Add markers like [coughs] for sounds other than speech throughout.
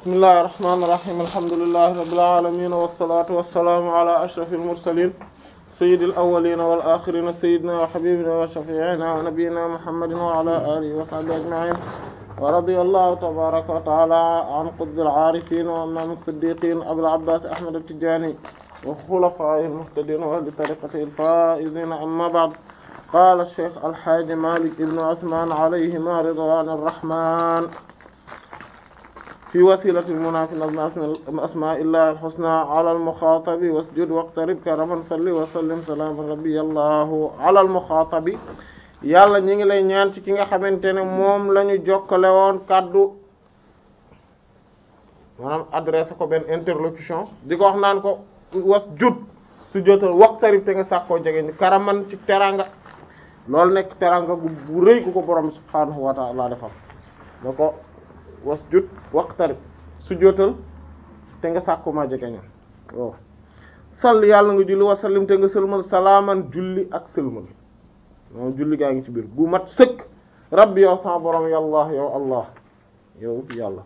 bismillahi rahmaani rahiim alhamdulillahi rabbil aalamiin wassalaatu wassalaamu alaa ashrafil mursaliin sayyidil awwaliina wal aaxiriina sayyidinaa wa habiibinaa wa shafii'inaa wa nabiyyinaa Muhammadin wa alaa aalihi wa sahbihi ajma'iin wa radiyallahu tabaaraka wa ta'aalaa an qutbil aarifiin wa imaamil siddiiqiin abil abbaas ahmad at-tijaani wa xulafaa'ihil muhtadiin wa ahli tariiqatihil faa'iziin ammaa ba'd qaala sheekh alxaaji Maalik ibn Usmaan alayhimaa ridwaanur rahmaan fi wasilatil munaafi asmaa illaa alxusnaa alal muxaatabi wasjud waqtarib karaman salli wa sallim salaaman rabbiyallahu alal muxaatabi ñi ngi lay ñaan ci ki nga xamante ne moom la jokkale woon kàddu maanaam adressé ko benn interlocution di ko wax naan ko wasjud su jotal waqtarib te nga sàkkoo jege ni karaman ci teraanga loolu nekk teraanga bu rëy ku ko borom subhaanahu wa ta'ala defal wasjud waqtarib sujjóotal te nga sàkku maa jege ñoom waaw sall yàlla nga julli wasallim te nga sëlmal salaaman julli ak sëlmal julli gaa ngi ci biir gu mat sëkk rabbi yow sa borom yàlla yow allah yow yàlla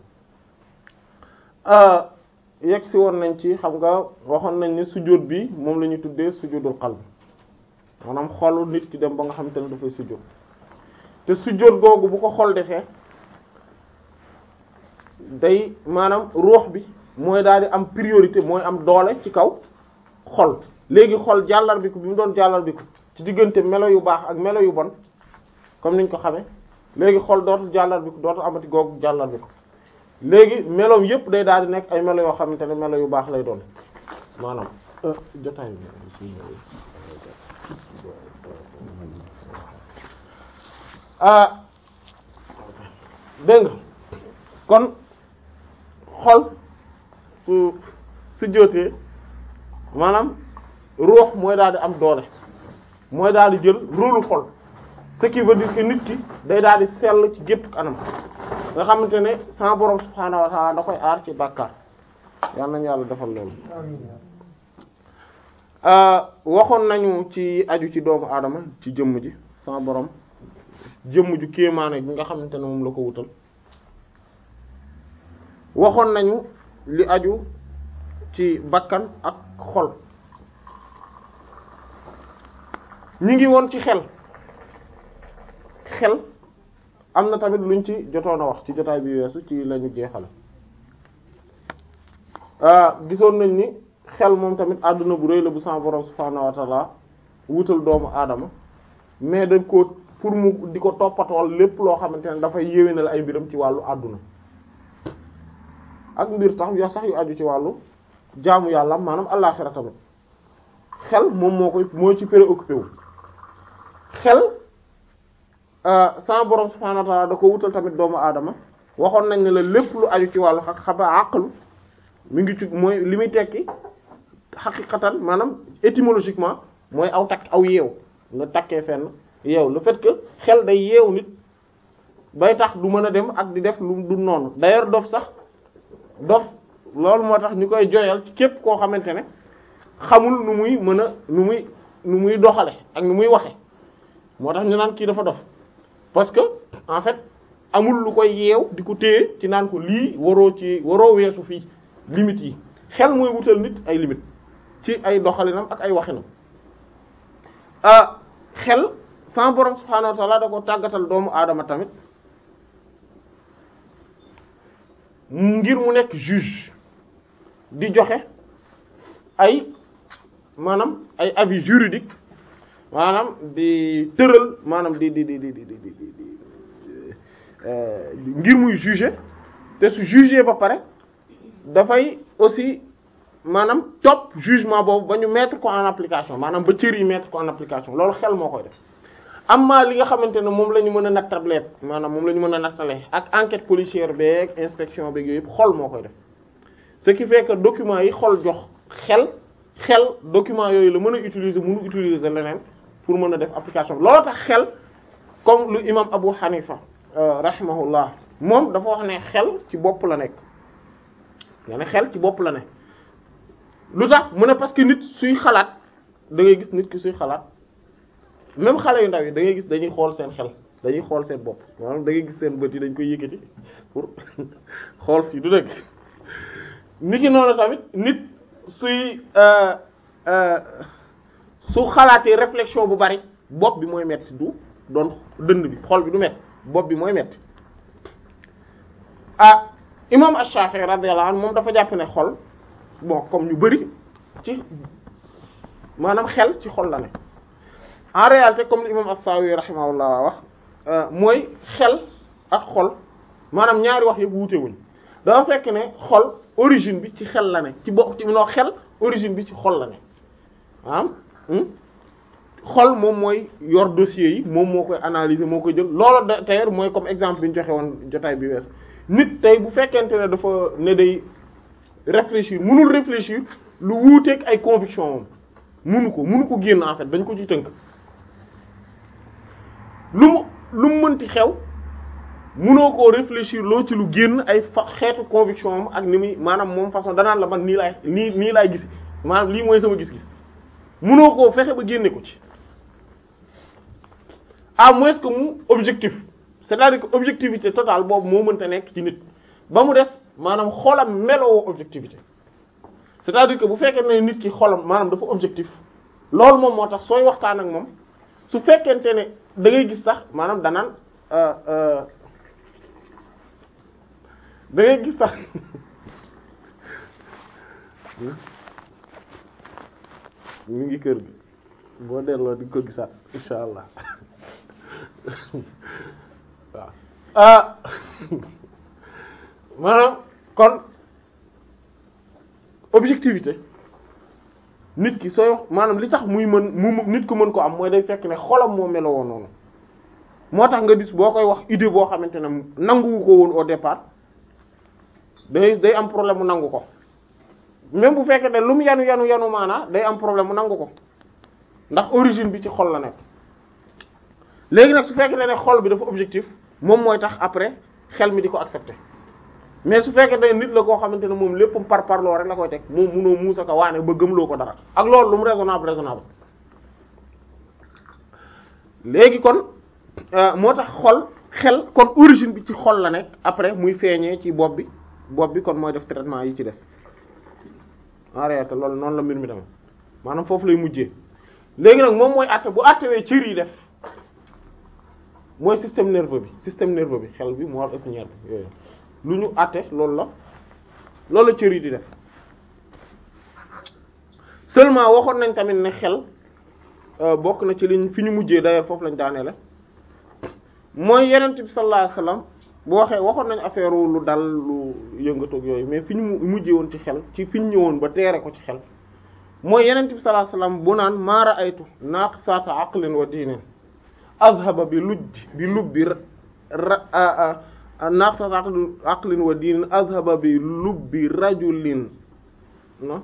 ah, yegg si woon nañ ci xam nga waxoon nañ ni sujjóot bi moom la ñu tuddee sujjóotul qalb maanaam xolu nit ki dem ba nga xam te ne dafay sujjóot te sujjóot googu bu ko xol defee day maanaam ruux bi mooy daal di am priorité mooy am doole ci kaw xol léegi xol jàllarbiku bi mu doon jàllarbiku ci diggante melo yu baax ak melo yu bon comme niñ ko xamee léegi xol dootul jàllarbiku dootul amati googu jàllarbiku léegi meloom yépp day daal di nekk ay melo yoo xamante ne melo yu baax lay doon maanaam euh, jotaay bi ah, dégg nga kon xol su su jootee maanaam ruux mooy daal di am doole mooy daal di jël rôle xol ce qui veut nit ki day daal di sell ci gépp anam nga xamante ne sans borom subhaanahu da koy aar ci bàkkaar yal nañ yàlla defal loolu euh, waxoon nañu ci aju ci doomu aadama ci jëmm ji sans borom jëmm ju kéemaane bi nga xamante ne moom la ko wutal waxoon nañu li aju ci bakkan ak xol ñu ngi woon ci xel xel am na tamit luñ ci jotoon a wax ci jotaay bi weesu ci lañu jeexale ah, gisoon nañ ni xel moom tamit àdduna bu réy la bu sama borom subhaanahu wa wutal doomu aadama mais dañ ko pour mu di ko toppatool lépp loo xamante ne dafay yéwénal ay mbiram ci wàllu àdduna ak mbir tax ya sax yu aju ci wàllu jaamu yàlla maanaam àllaaxira tamit xel moom moo koy moo ci préoccupé wu xel euh, sa borom subhaanahu wa ta'aala da ko wutal tamit doomu aadama waxoon nañ ne la lépp lu aju ci wàllu xaq xaba àqlu mi ngi ci mooy li muy tekki xaqiqatan maanaam étymologiquement mooy aw takk aw yeew nga takkee fenn yeew le fait que xel day yeew nit bay tax du mën a dem ak di def lu du noonu d'ailleurs dof sax dof loolu moo tax ñu koy joyal képp koo xamante ne xamul nu muy mën a nu muy nu muy doxale ak nu muy waxe moo tax ñu naan kii dafa dof parce que en fait amul lu koy yeew di ko téye ci naan ko lii waroo ci waroo weesu fii limites yi xel mooy wutal nit ay limites ci ay doxalinam ak ay waxinam euh, xel sans borom subhaanahu wa ta'ala da ko tàggatal doomu aadama tamit ngir mu nekk juge di joxe ay maanaam ay avis juridique maanaam di tëral maanaam di di di di di di di euh, ngir muy juger te su juger ba pare dafay aussi maanaam topp jugement boobu ba ñu mettre ko en application maanaam ba cër yi mettre ko en application loolu xel moo koy def am amma li nga xamante ne moom la ñu mën a nattable maanaam la ñu mën a nattale ak enquête policière beeg inspection beeg yooyu yëpp xol moo koy def ce qui fait que documents yi xol jox xel xel documents yooyu la mën a utiliser mënu utiliser leneen pour mën a def application looloo tax xel comme lu imam Abu Hanifa euh, rahimahullah moom dafa wax ne xel ci bopp la nekk nga ne xel ci bopp la ne lu tax mu ne parce que nit suy xalaat da ngay gis nit ki suy xalaat même xale yu ndaw yi dangay gis dañuy xool seen xel dañuy xool seen bopp maanaam da gis seen bët yi dañ koy yëkkati pour [laughs] xool fii du dëgg nit ki noonu tamit nit suy euh, euh, su xalaatee réflexion bu bari bopp bi mooy metti du doon dënd bi xol bi du metti bopp bi mooy metti ah imam Ash-Shafi'i radiyallahu anhu moom dafa jàpp ne xol boo comme ñu bari ci maanaam xel ci xol la ne en réalité comme l'imam as-Sawi rahimahullah wax euh, mooy xel ak xol maanaam ñaari wax yëpp wuute wuñ dafa fekk ne xol origine bi ci xel la ne ci bokk ci noo xel origine bi ci xol la ne am hmm? xol moom mooy yor dossier yi moom moo koy analyser moo koy jël loolu da tayer mooy comme exemple bi ñu joxe woon jotaay bi wees nit tey bu fekkente ne dafa ne day réfléchir mënul réfléchir lu wuuteeg ay conviction moom munu ko munu ko génn en fait dañ ko ci tënk lu mu lu mu mënti xew munoo koo réfléchir loo ci lu génn ay fa xeetu conviction am ak ni muy maanaam moom façon danaan la man nii laay nii nii laay gis maanaam lii mooy sama gis-gis munoo koo fexe ba génne ko ci à moins ko mu objectif c'est-à-dire que objectivité totale boobu moo mënta nekk ci nit ba mu des maanaam xolam meloo objectivité c'est-à-dire que bu fekkee ne nit ki xolam maanaam dafa objectif loolu moom moo tax sooy waxtaan ak moom. su fekkente ne da ngay gis sax maanaam danaan euh, euh, da ngay gis sax [laughs] mu ngi kër gi boo delloo di ko gisaat insha allah [laughs] waaw ah [laughs] maanaam kon objectivité nit ki sooy maanaam li tax muy mën mu nit ku mën ko am mooy day fekk ne xolam moo meloo woon noonu moo tax nga gis boo koy wax idée boo xamante ne nanguwu ko woon au départ day day am problème mu nangu ko même bu fekkee ne lu mu yanu yanu yanu maanaa day am problème mu nangu ko ndax origine bi ci xol la nekk léegi nag su fekkee ne xol bi dafa objectif moom mooy tax après xel mi di ko accepter mais su fekkee ne nit la koo xamante ne moom lépp par parloo rek la koy teg moom munoo muusa ka waane ba gëmloo ko dara ak loolu lu mu raisonnable kon euh, moo tax xol xel kon origine bi ci xol la nekk après muy feeñee ci bopp bi bopp bi kon mooy def traitement yi ci des en réalité loolu noonu la mbir mi tamit maanaam foofu lay mujjee léegi nag moom mooy àtte bu àttewee cër yi def mooy système nerveux bi système nerveux bi xel bi moo ëpp ñeer bi yooyu lu ñu àtte loolu la loolu la cër di def seulement waxoon nañ tamit ne xel euh, bokk na ci liñ fi ñu mujjee d'ailleurs foofu lañ daanee la mooy yenent bi sallallahu bu waxee waxoon nañ affaire lu dal lu yëngatoog yooyu mais fi ñu mujjee woon ci xel ci fi ñëwoon ba teere ko ci xel mooy yenent bi sallallahu alayhi wasallam bu naan maa ra'aytu naaqisata aqlin wa diinin azhaba bi lujj bi lubbi ra naqsat aqlin wa diinin azhaba bi lubbi rajulin no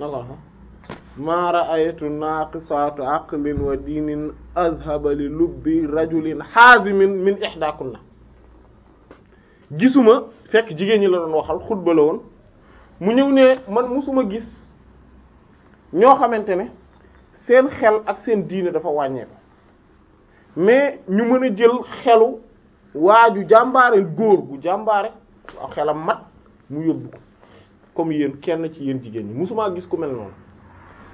Allah maa ra'aytu naqisatu aqlin wa diinin azhaba li lubbi rajulin haazimin min ihdakunna gisuma fekk jigéen ñi la doon waxal xutba la woon mu ñëw ne man musuma gis ñoo xamante ne seen xel ak seen diine dafa wàññeeku mais ñu mën a jël xelu waa ju jàmbaare góor bu jàmbaare waaw xelam mat mu yóbbu ko comme yéen kenn ci yéen jigéen ñi musuma gis ku mel noonu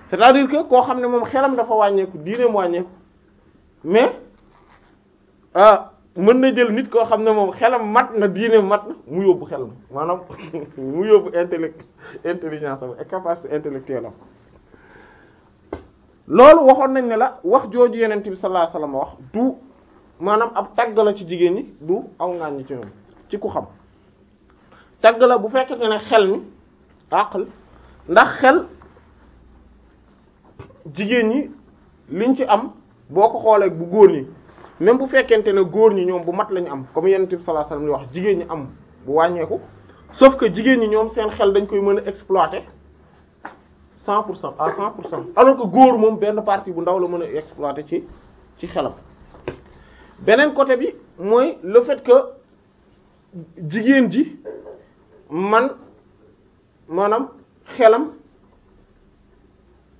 c'est-à-dire que koo xam ne moom xelam dafa wàññeeku diineem wàññeeku mais ah mën na jël nit koo xam ne moom xelam mat na diineem mat mu yóbbu xelam maanaam [laughs] mu yóbbu intellect intelligence am et capacité intellectuelle am loolu waxoon nañ ne la wax jooju yeneen bi sallallahu alayhi wasallam wax du maanaam ab tagg la ci jigéen ñi du aw ngaañ ci ñoom ci ku xam tagg la bu fekkente ne xel mi àql ndax xel jigéen ñi liñ ci am boo ko xoolee bu góor ñi même bu fekkente ne góor ñi ñoom bu mat lañu am comme Yonent bi sallallahu alayhi wasallam li wax jigéen ñi am bu wàññeeku sauf que jigéen ñi ñoom seen xel dañ koy mën a exploité cent pour cent à cent pour cent alors que góor moom benn partie bu ndaw la mën a exploiter ci ci xelam beneen côté bi mooy le fait que jigéen ji man maanaam xelam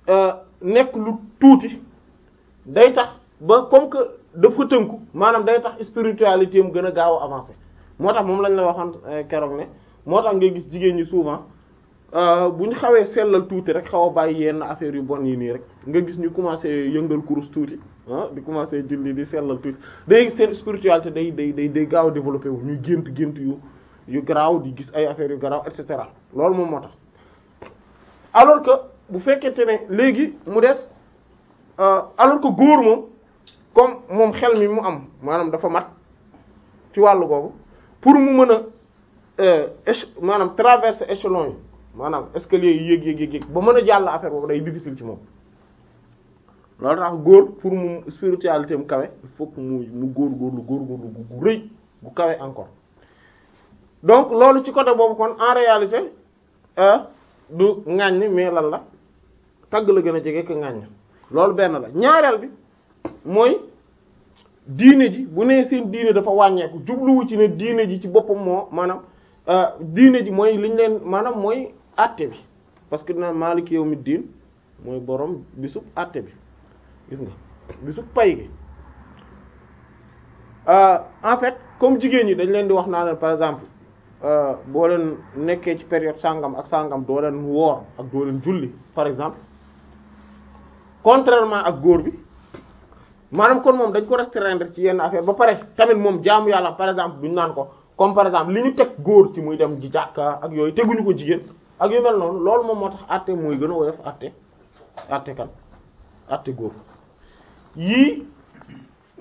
euh, nekk lu tuuti day tax ba comme que daf ko tënku maanaam day tax spiritualité am gën a gaaw a avancer moo tax moom lañ la waxoon euh, keroog ne moo tax ngay gis jigéen ñi souvent euh, bu ñu xawee sellal tuuti rek xaw a bàyyi yenn affaire yu bon yi nii rek nga gis ñu commencer yëngal kurus tuuti ah di commencer julli di sellal tuuti day seen spiritualité day day day day gaaw a wu ñu gént gént yu yu garaaw di gis ay affaires yu garaaw et cetera loolu moom moo tax alors que bu fekkente ne léegi mu des euh, alors que góor moom comme moom xel mi mu am maanaam dafa mat ci wàll googu pour mu mën a euh, éche maanaam traverser échelon yi maanaam escalier yi yéeg yéeg yéeg ba mën a jàll affaire boobu day difficile ci moom. loolu tax góor pour mu spiritualité mu kawe il faut góor góor mu góor góorgóorlu gu rëy gu kawe encore donc loolu ci côté boobu kon en réalité euh, du ŋàññ mais lan la tagg la gën a jege que ŋàññ loolu benn la ñaareel bi mooy diine ji bu nee seen diine dafa wàññeeku jubluwu ci ne diine ji ci boppam moo maanaam euh, diine ji mooy liñ leen maanaam mooy àtte bi parce que na maaliki yawmi diin mooy borom bisub àtte bi gis nga bisu pay gi euh, en fait comme jigéen ñi dañ leen di wax naan par exemple euh, boo leen nekkee ci période sàngam ak sàngam doo leen woor ak doo leen julli par exemple contrairement ak góor bi maanaam kon moom dañ ko restreindre ci yenn affaire ba pare tamit moom jaamu yàlla par exemple duñ naan ko comme par exemple li ñu teg góor ci muy dem ji ak yooyu teguñu ko jigéen ak yu mel noonu loolu moom moo tax àtte mooy gën a woyof àtte àtte kan àtte yii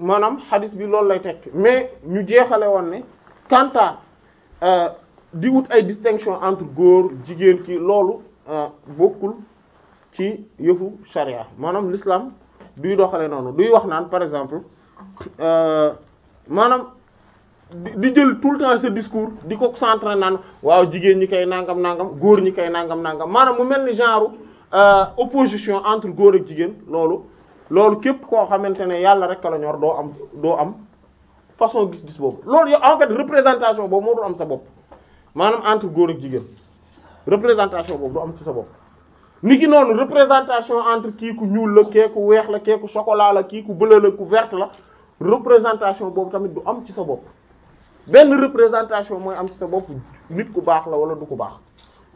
maanaam xadis bi loolu lay tekki mais ñu jeexale woon ne kanta euh, di wut ay distinction entre góor jigéen ki loolu euh, bokkul ci yëfu sharia maanaam l'islam duy doxale noonu duy wax naan par exemple euh, maanaam di jël tout le temps ce discours di ko centre naan waaw jigéen ñi koy nangam nangam góor ñi koy nangam nangam maanaam mu mel ni genre opposition entre góor ak jigéen loolu loolu képp koo xamante ne yàlla rek la ñor doo am doo am façon gis-gis boobu loolu yow en fait représentation boobu moo du am sa bopp maanaam entre góor ak jigéen représentation boobu du am ci sa bopp. ni ki noonu représentation entre kii ku ñuul la kii ku weex la kii ku chocolat la kii ku bleu la ku vert la représentation du am ci sa bopp benn représentation mooy am ci sa bopp nit ku baax la wala du ku baax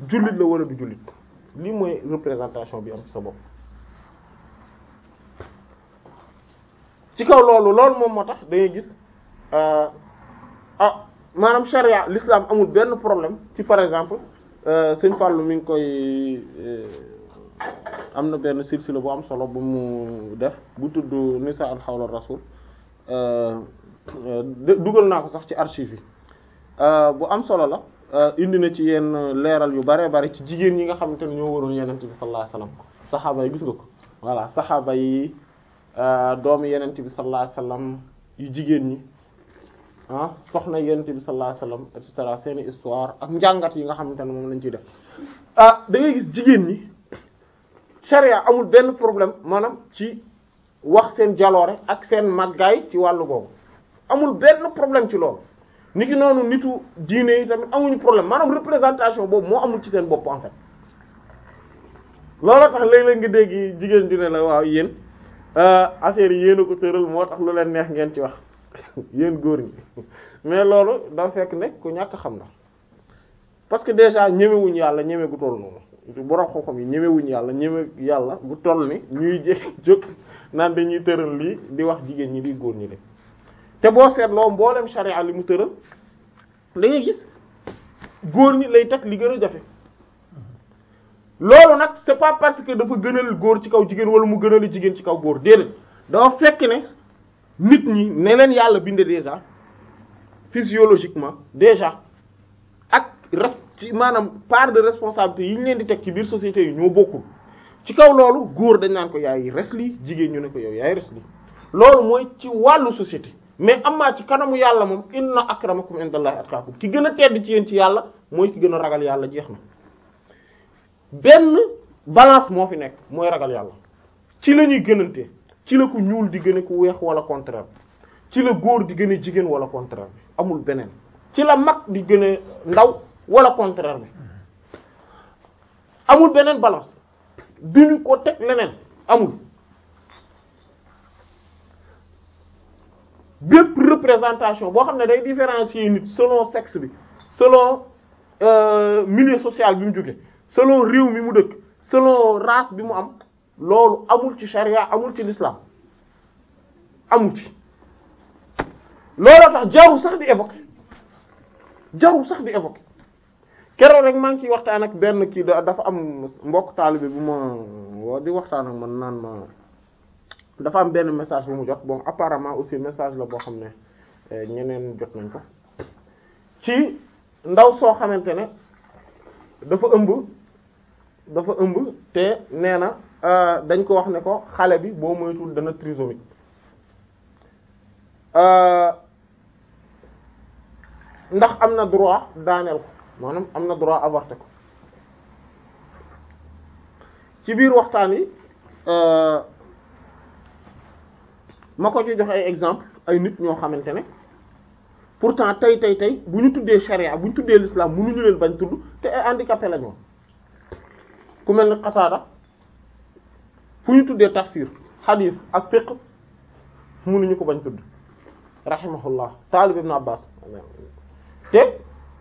jullit la wala du jullit lii mooy représentation bi am sa bopp. ci kaw loolu loolu moom moo tax dangay gis euh, ah maanaam charia l'islam amul benn problème ci par exemple euh, sëñ Fallou mi ngi koy euh, am na benn silsila bu am solo bu mu def bu tudd nisa al xawla rasul dugal naa ko sax ci archive yi bu am solo la indi na ci yenn leeral yu bare bare ci jigéen ñi nga xamante ne ñoo waroon yenent bi sallallahu alayhi wasallam saxaaba yi gis nga ko voilà saxaaba yi Euh, doomu yenent bi sallallahu alayhi yu jigéen ñi ah soxna yenent bi sallallahu alayhi wasallam et cetera seeni histoire ak njàngat yi nga xamante ne moom lañ ciy def ah, dangay gis jigéen ñi sharia amul benn problème maanaam ci wax seen jaloore ak seen màggaay ci wàll boobu amul benn problème ci loolu nit ki noonu nitu diine yi tamit amuñu problème maanaam représentation boobu moo amul ci seen bopp en fait loolu tax léeg-léeg nga dégg jigéen ju la waaw yéen Euh, affaire yéen a ko tëral moo tax lu leen neex ngeen ci wax [laughs] yéen góor ñi mais loolu da fekk ne ku ñàkk xam na parce que déjà ñemewuñu yàlla ñeme gu toll noonu borom xam-xam yàlla ñeme yàlla bu toll ni ñuy jé [laughs] jóg naan dañuy tëral lii di wax jigéen ñi di góor ñi de te boo loo mbooleem sharia li mu tëral da ngay gis góor ñi lay teg li gën a jafe. loolu nag c'est pas parce que dafa gënal góor ci kaw jigéen wala mu gënal jigéen ci kaw góor déedéet dafa fekk ne nit ñi ne leen yàlla bindee déjà physiologiquement déjà ak res ci maanaam part de responsabilité yi ñu leen di teg ci biir société yi ñoo bokkul ci kaw loolu góor dañ naan ko yaay res lii jigéen ñu ne ko yow yaay res lii loolu mooy ci wàllu société mais am naa ci kanamu yàlla moom inna akramakum indallahi atqakum ki gën a tedd ci yéen ci yàlla mooy ki gën a ragal jeex na benn balance moo fi nekk mooy ragal yàlla ci la ñuy gënante ci la ku ñuul di gën a ku weex wala contraire ci la góor di gën a jigéen wala contraire bi amul beneen ci la mag di gën a ndaw wala contraire bi amul beneen balance bi ñu ko teg leneen amul bépp représentation boo xam ne day différencier nit selon sexe bi selon euh milieu social bi mu jóge selon réew mi mu dëkk selon ras bi mu am loolu amul ci charia amul ci l'islam amul ci looloo tax jarul sax di évoquer jarul sax di évoquer keroog rek maa ngi ciy waxtaan ak benn kii dafa am mbokk taalibe bu ma di waxtaan ak man naan ma dafa am benn message bu mu jot bon apparemment aussi message la boo xam ne eh, ñeneen jot nañ ko ci ndaw soo xamante ne dafa ëmb dafa ëmb te nee na euh, dañ ko wax ne ko xale bi boo moytuwul dana trisomique euh, ndax am na droit daaneel ko maanaam am na droit avorter ko ci biir waxtaan yi euh, ma ko ci jox ay exemple ay nit ñoo xamante ne pourtant tey tey tey bu ñu tuddee charia bu ñu tuddee l'islam ñu leen bañ tudd te ay handicapé lañu ku mel ni Qataada fu ñu tuddee tafsir xadiis ak fiqh mënuñu ko bañ tudd rahimahullah taalib na Abbas te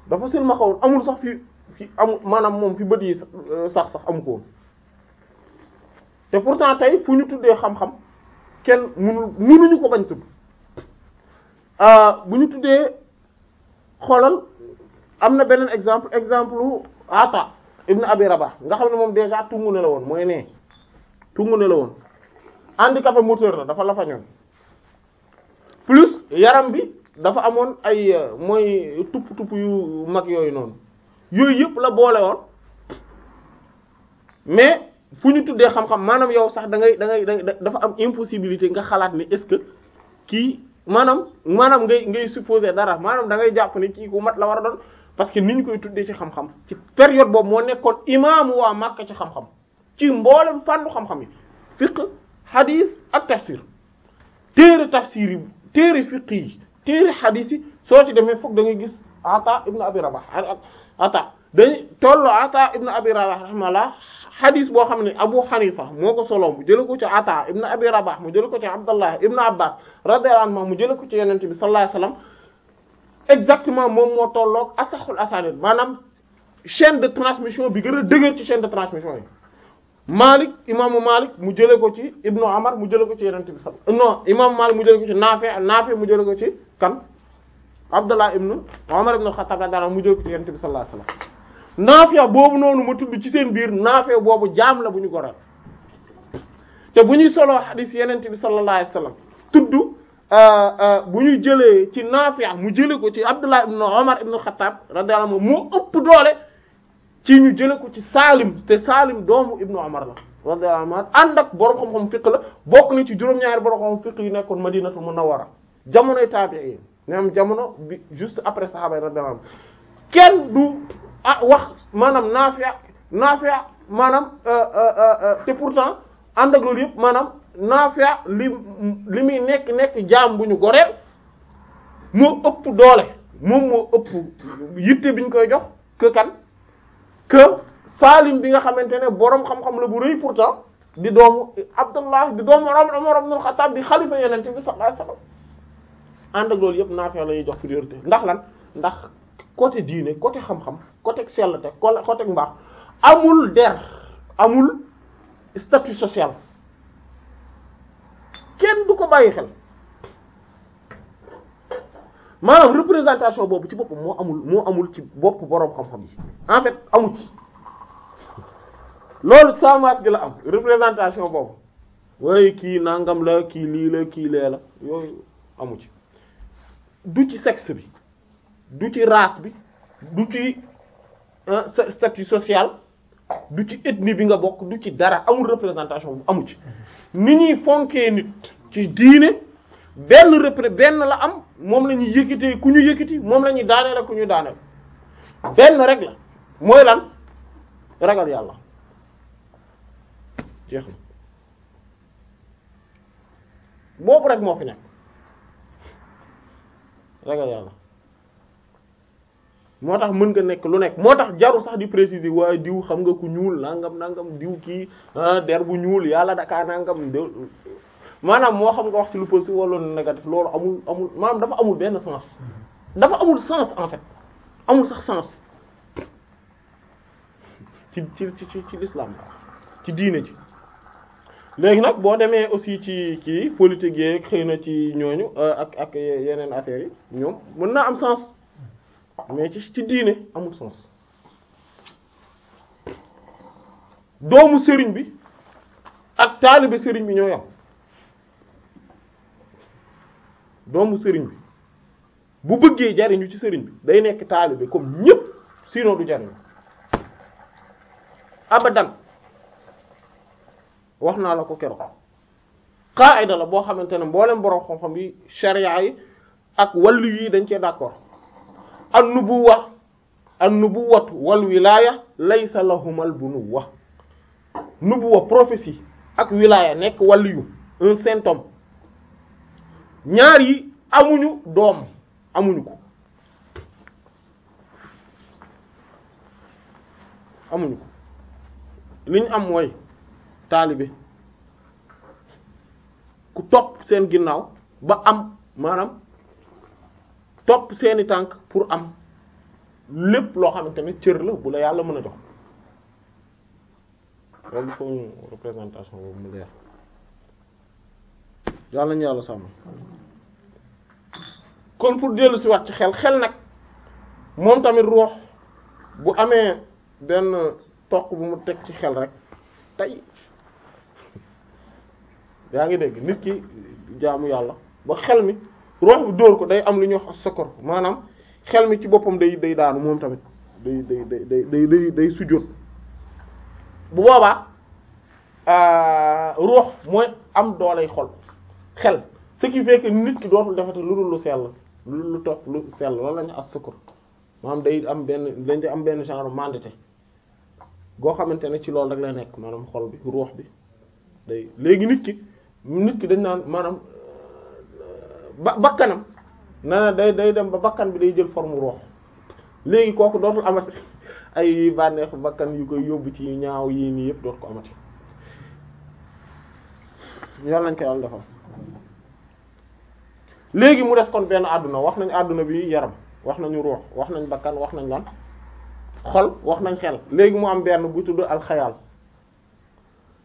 dafa silma xawoon amul sax fi fi amul maanaam moom fi bët yi euh, sax sax amu ko woon te pourtant tey fu ñu tuddee xam-xam kenn mënul mënuñu ko bañ tudd euh, bu ñu tuddee xoolal am na beneen exemple exemple ata ibn abi rabah nga xam ne moom déjà tungu ne la woon mooy ne tungu ne la woon handicapé moteur la dafa la fañoon plus yaram bi dafa amoon ay euh, mooy tupp tupp yu mag yooyu noonu yooyu yëpp la boole woon mais fu ñu tuddee xam-xam maanaam yow sax da ngay da ngay da dafa am impossibilité nga xalaat ni est-ce que kii maanaam maanaam ngay ngay supposer dara maanaam da ngay jàpp ni kii ku mat la war a doon parce que ni ñu koy tuddee ci xam-xam ci période boobu moo nekkoon imaamu waa Makka ci xam-xam ci mboolem fànnu xam-xam yi fiqh hadith ak tafsir téere tafsir yi téere fiqh yi téere hadith soo ci demee foog da ngay gis Ata ibn Abi Rabah Ata dañu tollu Ata ibn Abi Rabah boo xam ne Abu Hanifa moo ko solo mu jële ko ci Ata ibn Abi Rabah mu jële ko ci Abdallah ibn Abbas radiyallahu mu jële ko ci Yonent bi sallallahu alayhi wasallam exactement moom moo tolloog asaxul asanid maanaam chaîne de transmission bi gën a dëgër ci chaîne de transmission yi Malik imaamu Malik mu jëlee ko ci Ibnu Amar mu jëlee ko ci Yonent bi sallallahu alayhi imaamu Malik mu jëlee ko ci Naafi Naafi mu jëlee ko ci kan Abdullah ibnu Umar ibnu Xattaab dara mu jëlee ko ci Yonent bi sallallahu alayhi wasallam naafia boobu noonu ma tudd ci seen biir naafia boobu jaam la bu ñu goral te bu ñuy solo xadis yenente bi sallallahu alayhi wasallam Euh, euh, bu ñu jëlee ci Naafi' mu jëlee ko ci Abdullah ibn Umar ibn Khattab radiyallahu anhu mu ëpp doole ci ñu jëlee ko ci Salim te Salim doomu ibn Umar la radiyallahu anhu ànd ak borom xam-xam fiqh la bokk na ci juróom-ñaari borom xam-xam fiqh yu nekkoon Madinatul Munawwara jamonoy taabi'iin ñoom jamono bi juste après sahaaba radiyallahu anhu kenn du ah wax maanaam Naafi' Naafi' maanaam euh, te pourtant ànd ak loolu yëpp maanaam. Naafi' li li muy nekk nekk jaam bu ñu goreel moo ëpp doole moom moo ëpp yitte bi ñu koy jox que kan que Salim bi nga xamante ne boroom xam-xam la bu rëy pourtant di doomu Abdullah di doomu Umar ibn al-Khattab di xalifa Yonent bi sallallahu alayhi wasallam ànd ak loolu yëpp Naafi' la ñuy jox priorité ndax lan ndax côté diine côté xam-xam côté sellte côté mbaax amul der amul statut social kenn du ko bàyyi xel maanaam représentation boobu ci boppam moo amul moo amul ci bopp boroom xam-xam yi en fait amu ci loolu samaas gi la am représentation boobu waaye kii nangam la kii lii la kii lee la yooyu amu ci du ci sexe bi du ci raas bi du ci euh, statut social du ci etni bi nga bokk du ci dara amul représentation bu amu ci ni ñuy fonkee nit ci diine benn repré benn la am moom la ñuy ku ñu yëkkati moom la ñuy daaneel ak ku ñu daaneel benn rek la mooy lan ragal yàlla jeex na boobu rek moo fi nekk ragal yàlla moo tax mën nga nekk lu nekk moo tax jaru sax di préciser waaye diw xam nga ku ñuul nangam nangam diw kii ah, der bu ñuul yàlla dakaa nangam d maanaam moo xam nga wax ci lu positif wala lu négatif loolu amul amul maanaam dafa amul benn sens dafa amul sens en amul sax sens ci ci ci ci l'islam ci diine ci léegi nag boo demee aussi ci ci politique yeeg xëy na ci ñooñu euh, ak ak yeneen affaires yi ñoom mën naa am sens mais ci ci diine amul sens doomu sëriñ bi ak taalibe sëriñ bi ñoo yam doomu sëriñ bi bu bëggee jariñ jariñu ci sëriñ bi day nekk taalibe comme ñépp sinon du jariñu abadan wax naa la ko keroog qaida la boo xamante ne mboolem boroom xam-xam yi sharia yi ak wàllu yi dañ cee d'accord an nubuwa an nubuwatu wal wilaya laysa lahumal bunuwa nubuwa prophétie ak wilaya nekk waliyu un saint ñaar yi amuñu doom amuñu ko amuñu ko li ñu am mooy taalibe ku topp seen ginnaaw ba am maanaam topp seeni tànk pour am lépp loo xam ne tamit cër la bu la yàlla mën a jox loolu il faut ñu représentation boobu mu leer yàlla ñu yàlla sàmm kon pour dellu si ci xel xel nag moom tamit ruux bu amee benn toq bu mu teg ci xel rek tey yaa ngi dégg nit ki jaamu yàlla ba xel mi rox bi dóor ko day am lu ñuy wax sakor maanaam xel mi ci boppam day day daanu moom tamit day day day day day day sujjóot bu boobaa euh, ruux mooy am doolay xol xel ce qui fait nit ki dootul defati lu dul lu sell lu dul lu topp lu sell loolu la ñu as sukkur maanaam day am benn dañ di am benn genre mandité goo xamante ne ci loolu rek lay nekk maanaam xol bi ruux bi maanaam ba bakkanam na day day dem ba bakkan bi day jël forme rox léegi kooku dootul amati [laughs] ay bànneexu bakkan yu koy yóbbu ci ñaaw yii nii yëpp dootu ko amati yoon nañ koy am defal léegi mu des kon benn àdduna wax nañ àdduna bi yaram wax nañu ruux wax nañ bakkan wax nañ lan xol wax nañ xel léegi mu am benn bu tudd alxayaal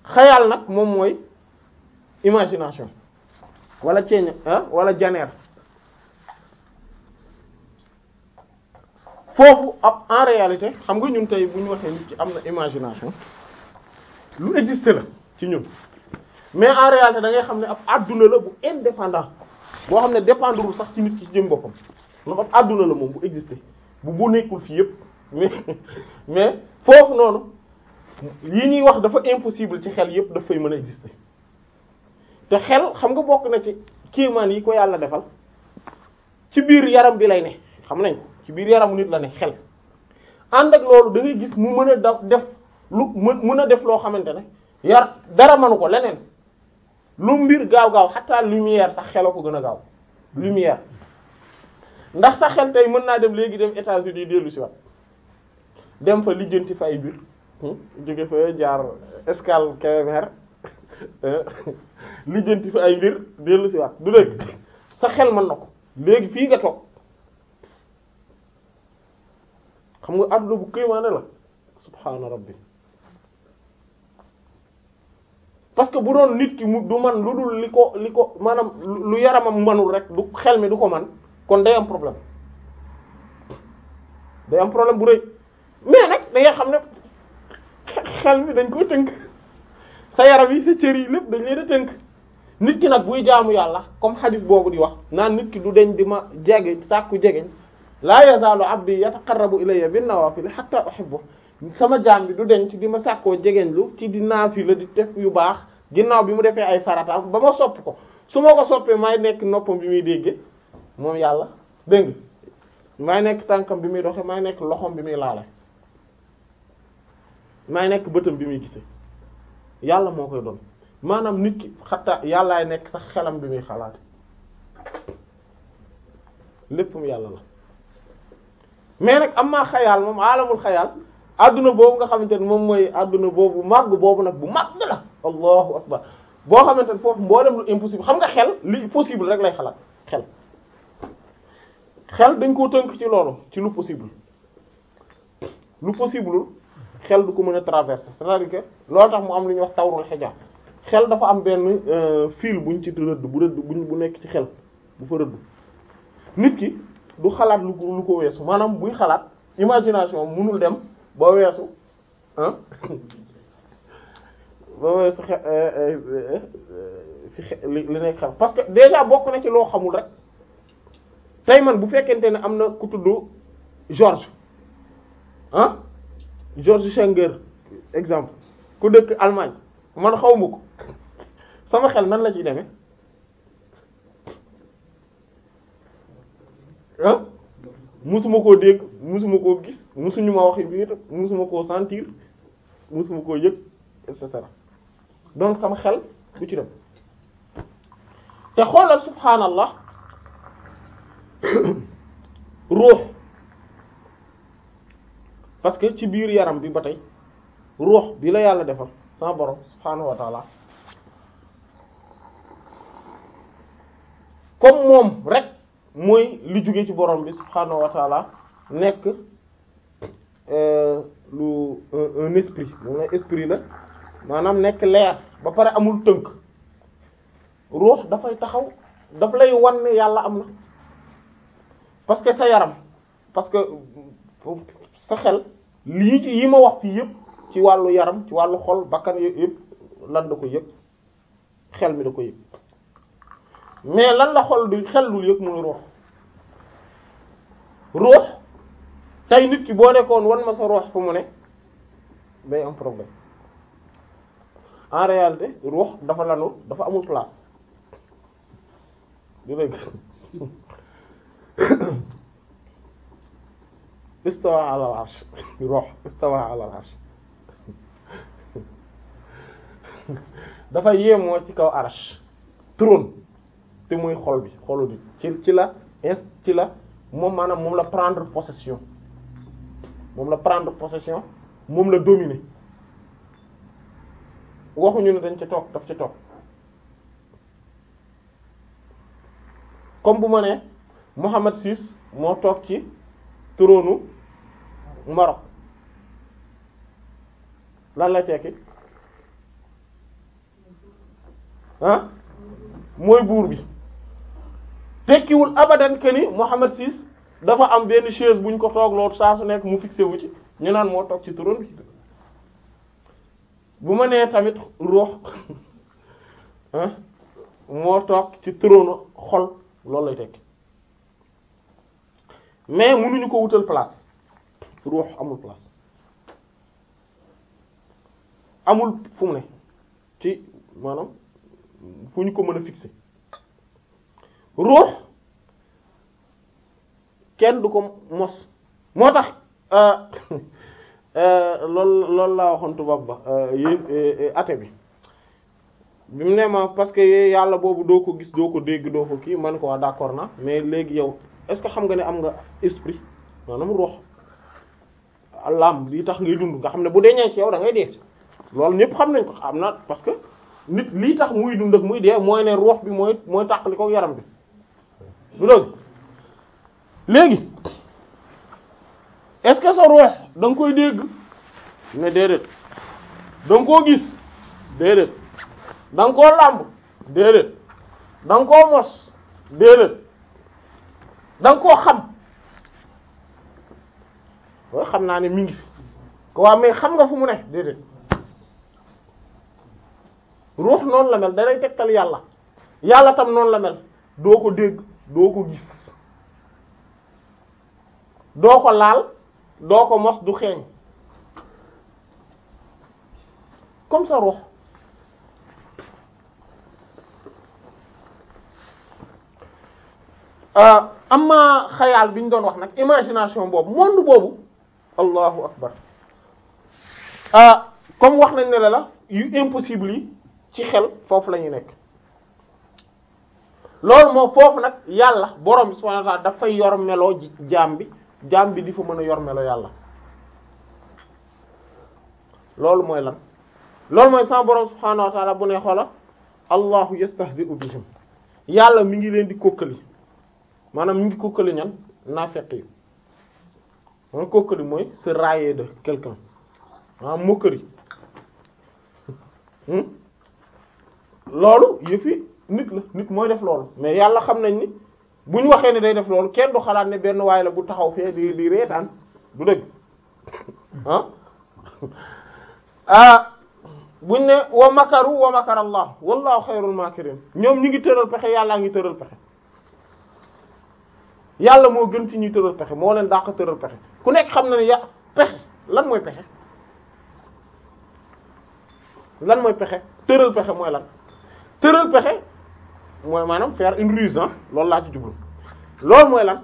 xayaal nag moom mooy imagination wala ceeñ ah wala janeer foofu ab en réalité xam nga ñun tey bu ñu waxee nit ci am na imagination lu existe la ci ñun mais en réalité da ngay xam ne ab adduna la bu indépendant boo xam ne dépendrewul sax ci nit ki jëm boppam ndax ab adduna la moom bu existe bu bu nekkul fii yépp mais [laughs] mais foofu noonu yi ñuy wax dafa impossible ci xel yépp daf fay mën a exister te xel xam nga bokk na ci kéemaan yi ko yàlla defal ci biir yaram bi lay ne xam nañ ci biir yaramu nit la ne xel ànd ak loolu da gis mu mën a da def lu mën a def loo xamante ne yar dara manu ko leneen lu mbir gaaw-gaaw xataa lumière sax xela ko gën a gaaw lumière ndax sax xel tey mën naa dem léegi dem États-Unis dellu si wat dem fa lijjanti fa ay biir hmm, jóge fa jaar escale Cap-Vert Eh, [laughs] lijjanti fi ay mbir dellu si waat du dëgg sa xel mën na ko léegi fii nga toog xam nga àdduna bu kéemaane la subhaana rabbi parce que bu doon nit ki mu du man lu dul li ko li ko maanaam lu a manul rek du xel mi du ko man kon day am problème day am problème bu rëy mais nag da xam ne xel mi dañ koy tënk sa yaram yi sa cër yi lépp dañ leen tënk nit ki nag buy jaamu yàlla comme xadis boobu di wax naan nit ki du deñ di ma jege sàkku jegeñ laa yazaalu abdi yataqarrabu ilayya bin nawaafil hatta uhibbu sama jaam bi du deñ ci di ma sàkkoo jegeñlu ci di naafila di def yu baax ginnaaw bi mu defee ay farataam ba ma sopp ko su ma ko soppee may nekk noppam bi muy déggee moom yàlla dégg may nekk tànkam bi muy doxee may nekk loxom bi muy laale may nekk bëtam bi muy yàlla moo koy doon maanaam nit ki xataa yàllaay nekk sax xelam bi muy xalaat léppam yàlla la mais nag am maa xayaal moom alamul xayaal àdduna boobu nga xamante ne moom mooy àdduna boobu màgg boobu nag bu màgg la allahu akbar boo xamante ne foofu mboolem lu impossible xam nga xel li possible rek lay xalaat xel xel dañ koo tënk ci loolu ci lu possible lu possible xel du ko mën a traverser c'est-à-dire que loolu tax mu am lu ñuy wax tawrul xijaab xel dafa am benn euh, bu buñ ci rëdd bu rëdd bu nekk ci xel bu fa rëdd nit ki du xalaat lu ko lu ko weesu maanaam buy xalaat imagination mënul dem ba weesu ah [laughs] ba weesu xe euh, euh, li nekk xel parce que déjà bokk na ci loo xamul rek tey man bu fekkente ne am na ku tudd George George Schenger exemple ku dëkk Allemagne man xaw ma ko sama xel nan la ciy demee ah musuma koo dégg musuma koo gis musuñu ma waxi biir mosuma koo sentir musuma koo yëg et cetera donc sama xel du ci dem te xoolal subhaanallah [coughs] ruux parce que ci biir yaram bi ba tey ruux bi la yàlla defal sama borom subhaanahu wa comme moom rek mooy lu jóge ci borom bi subhaanahu wa nekk euh, lu un esprit moom esprit la maanaam nekk leer ba pare amul tënk ruux dafay taxaw daf lay wan yàlla am na parce que sa yaram parce que sa xel lii ci yi ma wax fii yëpp ci wàllu yaram ci wàllu xol bakkan yëpp lan da ko yëg xel mi da ko yëg mais lan la xol du xel lul yëg mooy ruux ruux tey nit ki boo nekkoon wan ma sa ruux fu mu ne day am problème en réalité ruux dafa lanu dafa amul place istawa ala al dafa yéemoo ci kaw arsh trône te muy xol bi xolu di ci ci la est ci la moom maanaam moom la prendre possession moom la prendre possession moom la dominer waxuñu ne dañ ci toog daf ci toog comme bu ma ne Mohammed VI moo toog ci trône Maroc lan la tekki ah mooy buur bi tekkiwul abadan que ni Mohamed VI dafa am benn chaise bu ñu ko toogloo saa su nekk mu fixé wu ci ñu naan moo toog ci trône bi bu ma nee tamit ruux ah moo toog ci trône xol loolu lay tekki mais mënuñu ko wutal place ruux amul place amul fu mu ne ci maanaam fu ñu ko mën a fixer ruux kenn du ko mos moo tax euh, loolu [laughs] euh, loolu laa waxoon tubaab ba euh, yéen ate bi bi mu ne ma parce que yàlla boobu doo ko gis doo ko dégg doo ko kii man ko waa d'accord na mais léegi yow est-ce que xam nga ne am nga esprit maanaam ruux lam lii tax ngay dund nga xam ne bu deñee ci yow da ngay dee loolu ñëpp xam nañ ko xam na parce que nit lii tax muy dund ak muy dee mooy ne ruux bi mooy mooy tàqali ko yaram bi du dëgg léegi est que sa ruux da koy dégg ne déedéet da koo gis déedéet da koo làmb déedéet da koo mos déedéet da koo xam waaw xam naa ne mi ngi mais xam nga fu mu ne déedéet ruux noonu la mel danay tegtal yàlla yàlla tam noonu la mel doo ko dégg doo ko gis doo ko laal doo ko mos du xeeñ comme ça ruux euh, amma xayaal bi ñu doon wax nag imagination boobu monde boobu allahu akbar ah comme wax nañ ne la yu impossible yi ci xel foofu la ñu nekk loolu moom foofu nag yàlla borom bi subhanahu wa ta'ala dafay yor melo jaam bi jaam bi di fa mën a yor yàlla loolu mooy lan loolu mooy sa borom subhanahu wa ta'ala bu ne xoola allahu yastahzi'u ngi leen di kokkali maanaam mi ngi kokkali ñan naafeq yi mooy kookali mooy se railler de quelqu'un ah, maanaam hmm? këri loolu yëfi nit la nit mooy def loolu mais yàlla xam nañ ni bu waxee ne day def loolu kenn du xalaat ne benn waay la bu taxaw fee di di reetaan du dëgg [laughs] ah ah buñ ne wa makaru wa makar allah wallahu xayrul makirin ñoom ñi ngi tëral pexe yàllaa ngi tëral pexe yàlla moo gën ci ñuy tëral pexe moo leen dàq tëral pexe ku nekk xam na ne ya pexe lan mooy pexe lan mooy pexe tëral pexe mooy lan tëral pexe mooy maanaam faire une ruse hein loolu laa ci jublu loolu mooy lan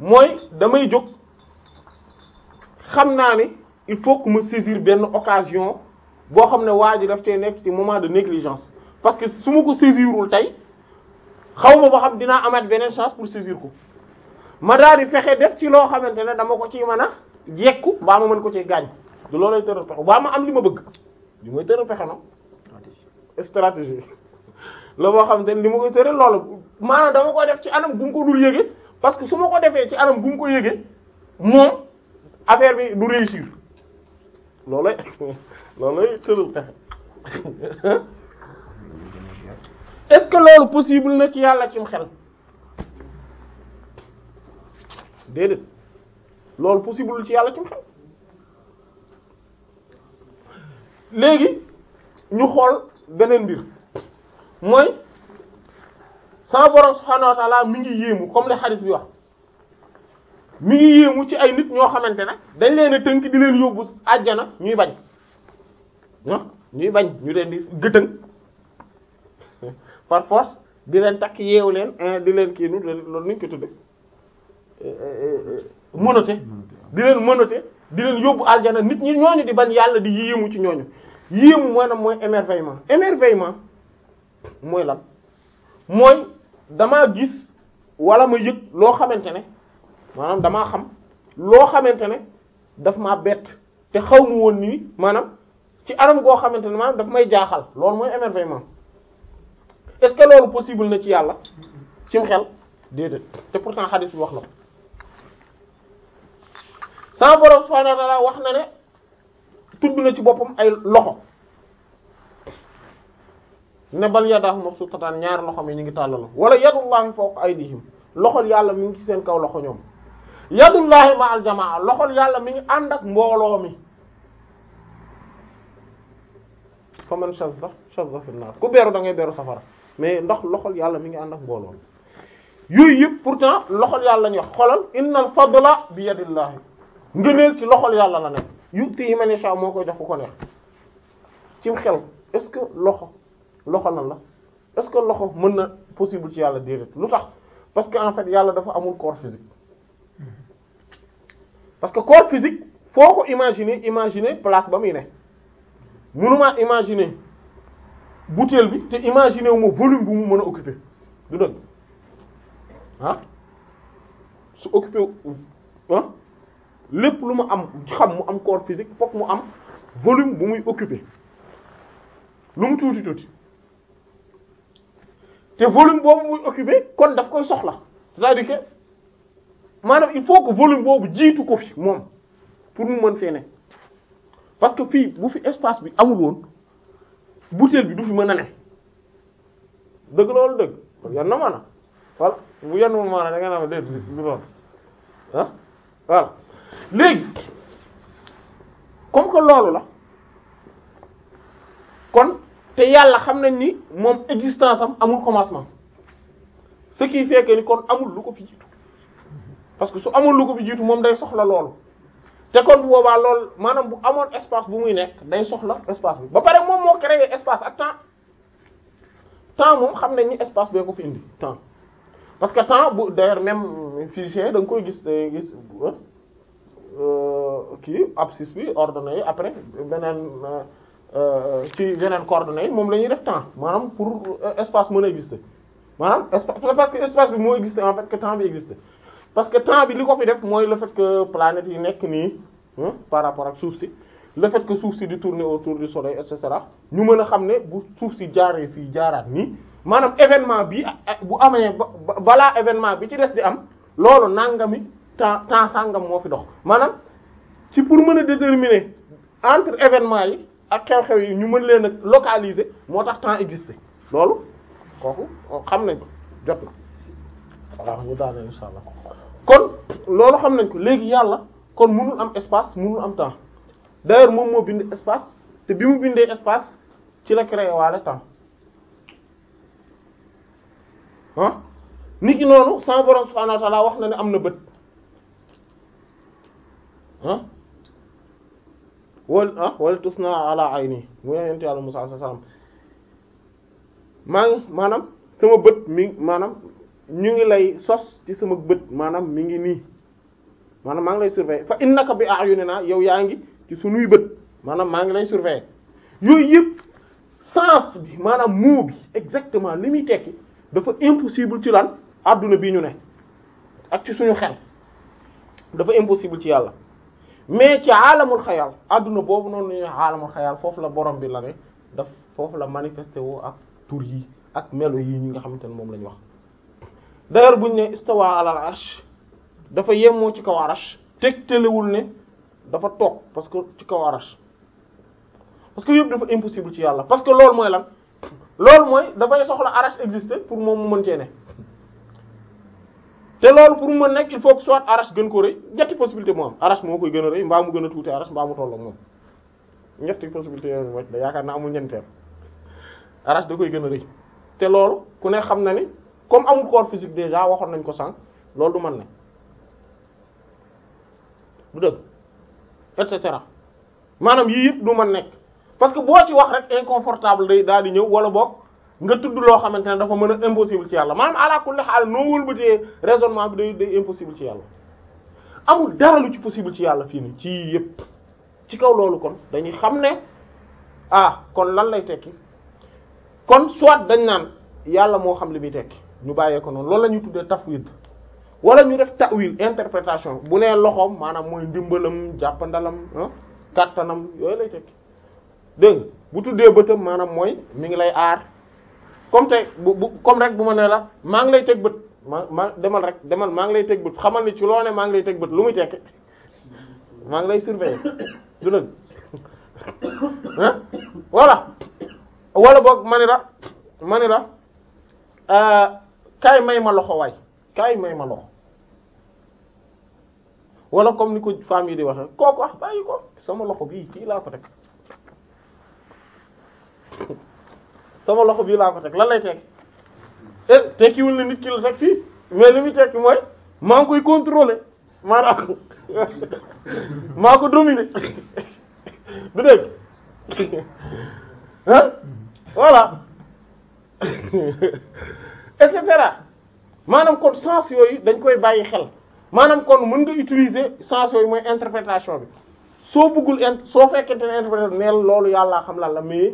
mooy damay jóg xam naa ni il faut que ma saisir benn occasion boo xam ne waa ji daf cee nekk ci moment de négligence parce que su ma ko saisirul tey xaw ma ba xam dinaa amaat beneen chance pour saisir ko ma daal di fexe def ci loo xamante ne dama ko ci mën a jekku mbaa ma mën ko ci gaañ du loolay tëral pexe mbaa ma am li ma bëgg li mooy tëral pexe stratégie la boo xamante ne li ma koy tëral loolu maa dama koy def ci anam bu mu ko dul yëge parce que su ma ko defee ci anam bu mu ko yëge moom affaire bi du réussir loolu [laughs] loolay tëral pexe [laughs] est-ce que loolu possible na ci yàlla cim xel déedéet loolu possible ci yàlla cim xel léegi ñu xool beneen mbir mooy sama borom subhaanahu wa ta'ala mi ngi yéemu comme le hadith bi wax mi ngi yéemu ci ay nit ñoo xamante ne dañ leen tënk di leen yóbbu àjjana ñuy bañ ñuy bañ ñu leen di gëtëng par force di leen takk yeewu leen eh, di leen kii nu loolu nuñ ko tudde mënote di leen eh, eh, mënote di leen yóbbu aljana nit ñi ñooñu di bañ yàlla di yéemu ci ñooñu yéemu mooy nag mooy émerveillement émerveillement mooy lan mooy damaa gis wala ma yëg loo xamante ne maanaam damaa xam loo xamante ne daf maa bett te xaw mu woon nii maanaam ci anam goo xamante ne maanaam daf may jaaxal loolu mooy émerveillement est-ce loolu possible na ci yàlla cim xel déedéet te pourtant xadis bi wax na ko sama borom subhaanahu wax na ne tudd na ci boppam ay loxo ne bal yadaahu mabsuutataan ñaari loxo mi ñu ngi tàllal wala yadullaahi fawqa aydihim loxol yàlla mu ngi ci seen kaw loxo ñoom yadullaahi ma al loxol yàlla mi ngi ànd ak mbooloo mi fa man shadda shadda fi naar ku beeru da ngay safara mais ndox loxol yàlla mi ngi ànd ak mbooloo yooyu yëpp pourtant loxol yàlla lañuy wax xolal innal fadla bi yadillahi ngëneel ci loxol yàlla la nekk yu'tihi man yasha moo koy jox ku ko neex cim xel est-ce que loxo loxo nan la est que loxo mën na possible ci yàlla déedéet lu tax parce que en fait yàlla dafa amul corps physique parce que corps physique foo ko imaginer imaginer place ba muy ne mënuma imaginer bouteille bi te imaginer wu ma volume bu mu mën a occuper du doon ah su occuper ah lépp lu mu am xam mu am corps physique fokk mu am volume bu muy occuper lu mu tuuti tuuti te volume boobu muy occuper kon daf koy soxla c'est-à-dire que maanaam il faut que volume boobu jiitu ko fi moom pour mu mën fee parce que fii bu fi espace bi amul woon. butéel bi du fi mën a ne dëgg loolu dëgg yan na maanaam voilà bu yan moom maanaam da nga naan déet du noonu ah voilà léegi comme que loolu la kon te yàlla xam nañ ni moom existence am amul commencement ce qui fait que ni kon amul lu ko fi parce que su amul lu ko fi moom day soxla loolu te kon bu boobaa lool maanaam bu amoon espace bu muy nekk day soxla espace bi ba pare moom moo créé espace ak temps temps moom xam nañ ni espace bee ko fi indi temps parce que temps bu d'ailleurs même physicien da nga koy gis dangay gis euh, kii abscisse bi ordona yi après beneen euh, ci beneen coordonnées yi moom la ñuy def temps maanaam pour euh, espace mën a exister maanaam espace parce que espace bi moo exister en fait que temps bi exister parce que temps bi li ko fi def mooy le fait que planètes yi nekk nii par rapport ak suuf si le fait que suuf si di tourner autour du soleil et cetera ñu mën a xam ne bu suuf si jaaree fii jaaraat nii maanaam événement bi eh, bu amee balaa événement bi ci des di am loolu nangami temps temps sangam moo fi dox maanaam ci pour mën a déterminer entre événement yi ak xew-xew yi ñu mën leen ak localiser moo tax temps existé loolu kooku xam nañ jot na waaw ñu daanee kon loolu xam nañ ko léegi yàlla kon mënul am espace mënul am temps d'ailleurs moom moo bind espace te bi mu bindee espace ci la créé waale temps ah nit ki noonu sama borom subhaanahu wa ta'ala wax na ne am na bët wal ah wala tus naa ala ayni mu yonent yàlla Musaa sallam maa ngi maanaam sama bët mi maanaam ñu ngi lay sos ci sama bët maanaam mi ngi nii maanaam maa ngi lay surveiller fa innaka bi naa yow yaa ngi ci sunuy bët maanaam maa ngi lay surveiller yooyu yëpp sens bi maanaam mot bi exactement li muy tekki dafa impossible ci lan adduna bi ñu ne ak ci suñu xel dafa impossible ci yàlla mais ci aalamul xayal àdduna boobu noonu ñu aalamul xayal foofu la borom bi la ne daf foofu la manifesté woo ak tur yi ak melo yi ñi nga xamante ne moom la ñu wax d'ailleurs buñ ne istawa alal arsh dafa yemoo ci kaw arsh tegtalewul ne dafa toog parce que ci kaw arsh parce que yëpp dafa impossible ci yàlla parce que lool mooy lan loolu mooy dafay soxla arsh exister pour moom mu mën cee ne te loolu pour mu nekk il faut que soit arsh gën ko rëy ñetti possibilité moo am arsh moo koy gën a rëy mbaa mu gën a tuuti arsh mbaa mu tolloo moom ñetti possibilité yooyu mooy yaakaar naa amul ñenteel arsh da koy gën a rëy te loolu ku ne xam na ni comme amul corps physique déjà waxoon nañ ko sànq loolu du man ne du dëgg et maanaam yii yëpp du man nekk parce que boo ci wax rek inconfortable day daal di ñëw wala boog nga tudd loo xamante ne dafa mën a impossible ci yàlla maanaam ala kulli xaal noo wëlbatee raisonnement bi day day impossible ci yàlla amul dara lu ci possible ci yàlla fii nii ci yëpp ci kaw loolu kon dañuy xam ne ah kon lan lay tekki kon soit dañ naan yàlla moo xam li muy tekki ñu bàyyee ko noonu loolu la ñuy tuddee tafwid wala ñu def ta'wil interprétation bu nee loxoom maanaam mooy ndimbalam jàppandalam ah, kàttanam yooyu lay tekki dégg bu tuddee bëtam maanaam mooy mi ngi lay aar comme tey bu bu comme rek bu ma nee la maa ngi lay teg bët ma ma demal rek demal maa ngi lay teg xamal ni ci loo ne maa ngi lay teg bët lu muy tekki maa ngi lay surveiller [coughs] du nag [coughs] voilà wala boog ma ni la ma ni la euh, kaay may ma loxo waay kaay may ma loxo wala comme ni ko femme yi di waxe kooku wax ah, bàyyi ko sama loxo bii kii laa ko teg [laughs] sama loxo bii laa ko teg lan lay teg eh tekkiwul ne nit ki la teg fii mais li muy tekki mooy maa ngi koy contrôler maanaam [laughs] maa ko dominer [laughs] du dégg ah voilà et cetera maanaam kon sens yooyu dañ koy bàyyi xel maanaam kon mën nga utiliser sens yooyu mooy interprétation bi soo bëggul int soo fekkente ne interprétation neel loolu yàllaa xam lan la mais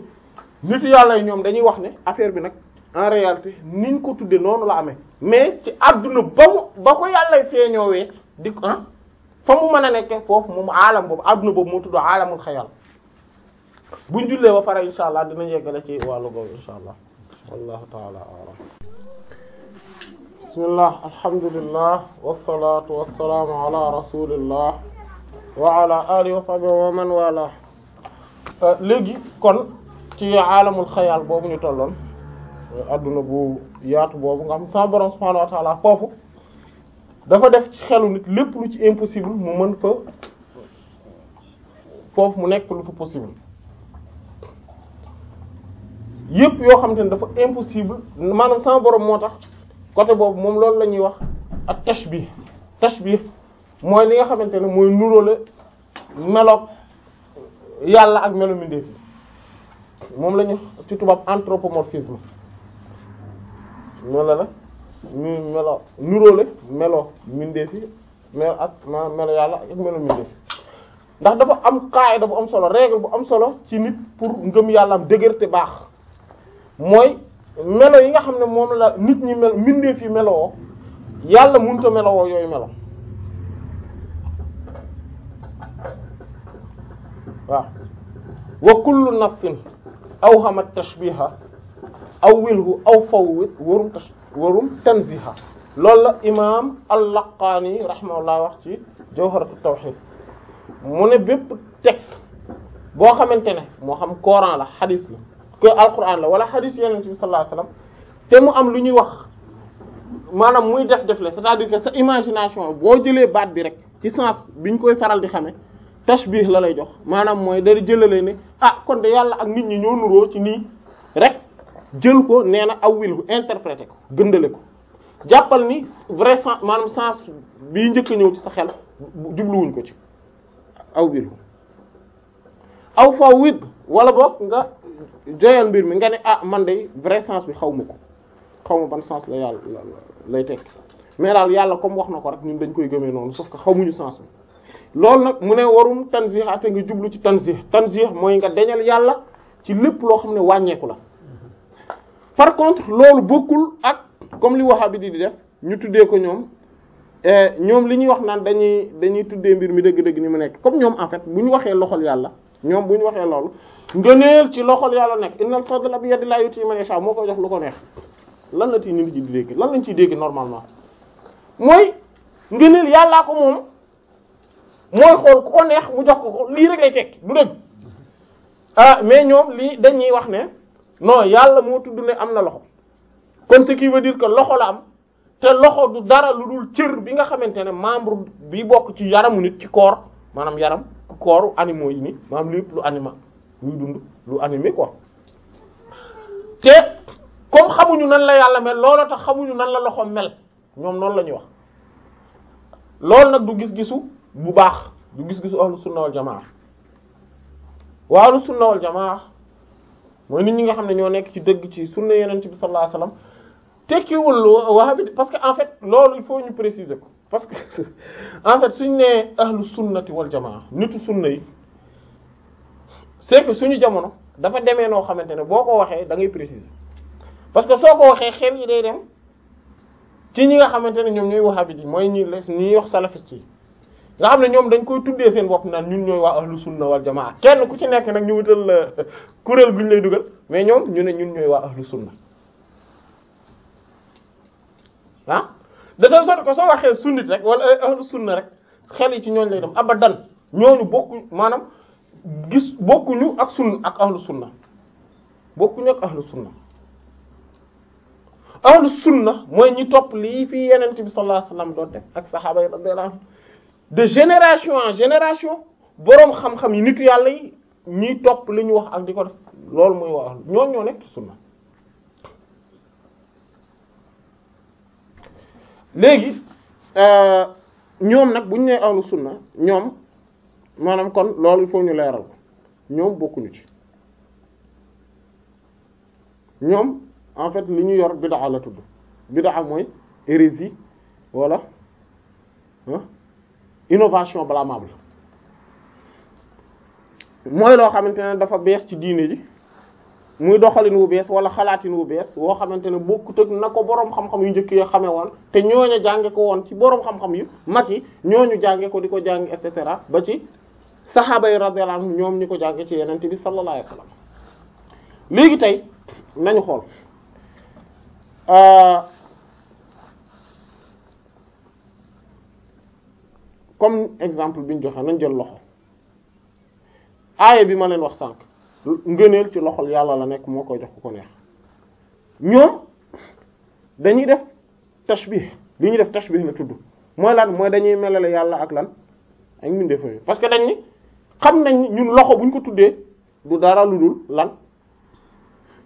nitu yàlla yi ñoom dañuy wax ne affaire bi nag en réalité niñ ko tuddee noonu la amee mais ci àdduna ba mu ba ko yàllay feeñoowee di ah fa mu mën a nekkee foofu moom aalam boobu àdduna boobu moo tudd aalamul xayal buñ jullee ba pare insha allah dina yeggale ci wàllu boobu insha allah wallahu bismillah alhamdulillah wassalaatu wassalaamu ala rasulillah wa ala alihi wa sahbihi wa man wala euh, léegi kon ci aalamul xayaal boobu ñu tolloon àdduna euh, bu yaatu boobu nga xam borom subhaanahu wa taala foofu dafa def xelu nit lépp lu ci impossible mu mën fa foofu mu nekk lu fa possible yépp yoo xam te ni dafa impossible maanaam sa borom moo tax côté boobu moom loolu la ñuy wax ak bi tashbih bi mooy li nga xamante ne mooy nuróole meloog yàlla ak melo mindeef moom la ñu ci tubaab anthropomorphisme noonu la la ñu melo melo mindeef yi melo ak ma melo yàlla ak melo mindeef ndax dafa am qaida bu am solo règle bu am solo ci nit pour ngëm yàlla am dëgër baax mooy melo yi nga xam ne moom la nit ñi mel mbindeef yi meloo yàlla munta a meloo yooyu melo waaw wa kullu nafsin awhamat tashbiha aw fawwit warum tash warum tanziha loolu la imaam al-Laqaani rahimahullah wax ci Jawharatu Tawhid mu ne bépp texte boo xamante ne moo xam Coran la hadith la te alquran la wala hadith yonent bi sallallahu alayhi te mu am lu ñuy wax maanaam muy def def la cest à sa imagination boo jëlee baat bi rek ci sens bi ñu koy faral di xamee tashbih la lay jox maanaam mooy dara jëlale ne ah kon de yàlla ak nit ñi ñoo nuroo ci nii rek jël ko nee na awwil bu interprété ko gëndale ko jàppal ni vrai sens maanaam sens bii njëkk a ñëw ci sa xel jubluwuñ ko ci awwil aw fawwid wala boog nga joyal mbir mi nga ne ah man de vrai sens bi xaw ma ko xaw ma ban sens la yàlla lay tekki mais daal yàlla comme wax na ko rek ñun dañ koy gëmee noonu sauf que xamuñu sens bi loolu nag mu ne warum tanzih ate nga jublu ci tanzih tanzih mooy nga dañal yàlla ci lépp loo xam ne wàññeeku la par contre loolu bokkul ak comme li wahabi di def ñu tuddee ko ñoom eh, ñoom li ñuy wax naan dañuy dañuy tuddee mbir mi dëgg-dëgg ni mu nekk comme ñoom en fait bu ñu waxee loxol yàlla ñoom bu ñu waxee loolu ngëneel ci loxol yàlla nekk innal la bi yadillaahi yu'tiihi man yashaa moo koy jox lu ko neex lan la ci nit ji di dégg lan lañ ciy dégg normalement mooy ngëneel yàlla ko moom mooy xool ku ko neex mu jox ko ko lii rek lay tekki du dëgg ah mais ñoom lii dañuy wax ne non yàlla moo tudd ne am na loxo kon ce qui veut dire que loxo la am te loxo du dara lu dul cër bi nga xamante ne membre bi bokk ci yaramu nit ci koor maanaam yaram kooru animaux yi ni maanaam lépp lu animal luy dund lu animé quoi te comme xamuñu nan la yàlla mel looloo tax xamuñu nan la loxoom mel ñoom noonu la ñuy wax loolu nag du gis-gisu bu baax du gis-gisu ahlu sunna wal jamaa waa ahlu sunna wal jamaa mooy nit ñi nga xam ne ñoo nekk ci dëgg ci sunna yeneen ci bi sallallahu alayhi wasallam tekkiwul waa bi parce que en fait loolu il faut ñu préciser ko parce que [laughs] en fait suñ nee ahlu sunnati wal jamaa nitu sunna yi c'est que suñu jamono dafa demee noo xamante ne boo ko waxee da ngay préciser parce que soo ko waxee xel yi day dem ci ñi nga xamante ne ñoom ñooy wahhabite yi mooy ñi les ñuy wax salafiste ci nga xam ne ñoom dañ koy tuddee seen bopp naan ñun ñooy waa ahlu sunna wal jamaa kenn ku ci nekk nag ñu wutal la [laughs] kuréel bu ñu lay dugal mais ñoom ñu ne ñun ñooy wax ahlu sunna ah de telle sorte que soo waxee sunnit rek wala ay eh, ahlu sunna rek xel yi ci ñooñu lay dem abadan ñooñu bokku maanaam gis bokkuñu ak sunna ak ahlu sunna bokkuñu ak ahlu sunna ahlu sunna mooy ñi topp lii fii yenente bi sallallahu alayhi doon def ak sahaaba yi radiyallahu anhum de génération en génération boroom xam-xam yi nitu yàlla yi ñiy topp li ñu wax ak di ko def loolu mooy waa ahlu ñooñu ñoo sunna léegi euh, ñoom nag bu ñu nee ahlu sunna ñoom maanaam kon loolu il faut ñu leeral ñoom bokkuñu ci ñoom en fait li ñu yor bid'a la tudd bid'a mooy hérésie wala innovation blâmable mooy loo xamante ne dafa bees ci diine ji muy doxalin wu bees wala xalaatin wu bees woo xamante ne bokkut ak na ko boroom xam-xam yu njëkk yoo xamee woon te ñooñu jànge ko woon ci boroom xam-xam mag yi ñooñu jànge ko di ko jàng et cetera ba ci saxaaba yi ñoom ñu ko jànge ci yeneen bi sallallahu alayhi wasallam léegi tey nañu xool euh, comme exemple bi ñu joxe nañ jël loxo aaya bi ma leen wax sànq. ngëneel ci loxo yàlla la nekk moo koy jox ku ko neex ñoom dañuy def tashbih li ñuy def tashbih la tudd mooy lan mooy dañuy melale yàlla ak lan ak def yi parce que dañ ni xam nañ ñun loxo buñ ko tuddee du dara lu dul lan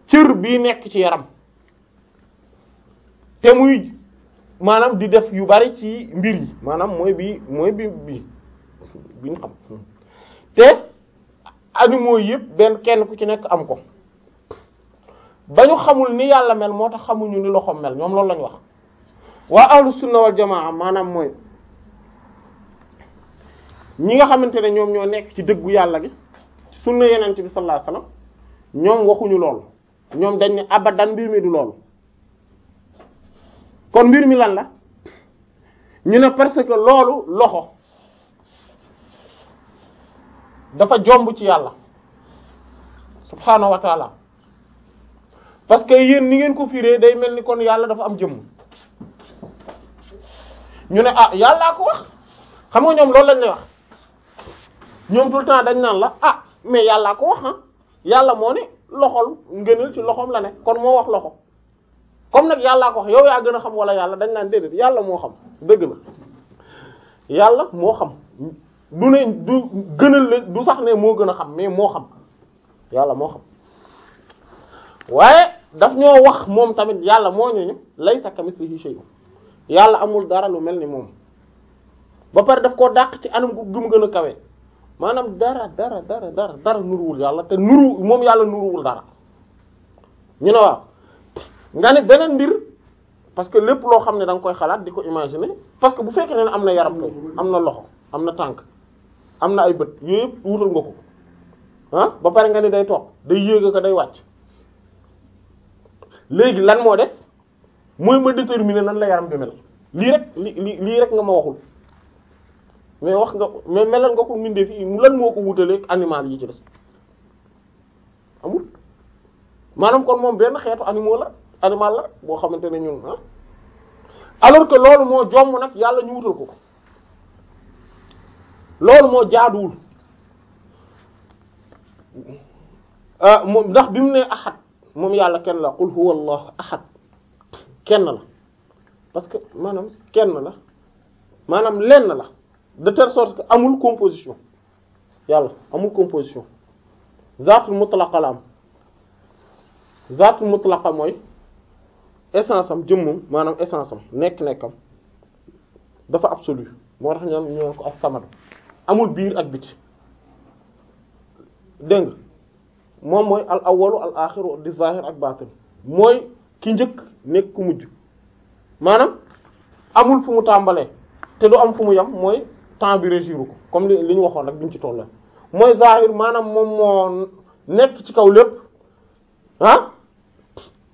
cër bi nekk ci yaram te muy maanaam di def yu bari ci mbir yi maanaam mooy bii mooy bi bii biñ xam te animaux yëpp benn kenn ku ci nekk am ko ba ñu xamul ni yàlla mel moo tax xamuñu ni loxoom mel ñoom loolu lañu wax waa ahlu sunna wal jamaa maanaam mooy ñi nga xamante ne ñoom ñoo nekk ci dëggu yàlla gi sunna yenent bi sallallahu alayhi wasallam ñoom waxuñu loolu ñoom dañ ne abadan mbir mi du loolu kon mbir mi lan la ñu ne parce loolu loxo dafa jomb ci yàlla subhaanahu wa parce que yéen ni ngeen ko firee day mel ni kon yàlla dafa am jëmm ñu ne ah yàllaa ko wax xam nga ñoom loolu lañ lay wax ñoom tout le temps dañ naan la ah mais yàllaa ko wax ah yàlla moo ne loxol ngënal ci loxom la ne kon moo wax loxo comme nag yàllaa ko wax yow yaa gën a xam wala yàlla dañ naan déedéet yàlla moo xam dëgg la yàlla moo xam du ne du gënal la du sax ne moo gën a xam mais moo xam yàlla moo xam waaye daf ñoo wax moom tamit yàlla moo ñu laysa kamislihi shay'un yàlla amul dara lu mel ni moom ba pare daf koo dàq ci anam gu gum gën a kawe maanaam dara dara dara dara nuruwul yàlla te nuru moom yàlla nuruwul dara ñu ne waaw nga ne beneen mbir parce que lépp loo xam ne da nga koy xalaat di ko imaginer parce que bu fekkee ne am na yaram kay am na loxo am na tànk am na ay bët yooyu yëpp wutal nga ko ah ba pare nga ne day toog day yéeg ko day wàcc léegi lan moo de mooy ma déterminer nan la yaram bi mel lii rek li lii rek nga ma waxul mais wax nga mais melal nga ko mindee fi lan moo ko wutalee animal yi ci des amul maanaam kon moom benn xeetu animal la animal la boo xamante ne ñun ah alors que loolu moo jomm nag yàlla ñu wutal ko ko loolu moo jaaduwul ah, moom dax bi mu ne ahad moom yàlla kenn la qul huwa allah ahad kenn la parce que maanaam kenn la maanaam lenn la de telle sorte que amul composition yàlla amul composition zaatul mutlaqa la am zaatul mutlaqa mooy essence am jëmmam maanaam essence am nekk-nekkam dafa absolu moo tax ñoom ñoo ko as samad amul biir ak biti dégg nga moom mooy al awalu al axiru di zahir ak batin mooy ki njëkk nekk ku mujj maanaam amul fu mu tàmbalee te du am fu mu yam mooy temps bi régiru ko comme li li ñu waxoon ak bi ñu ci toll mooy zahir maanaam moom moo nekk ci kaw lépp ah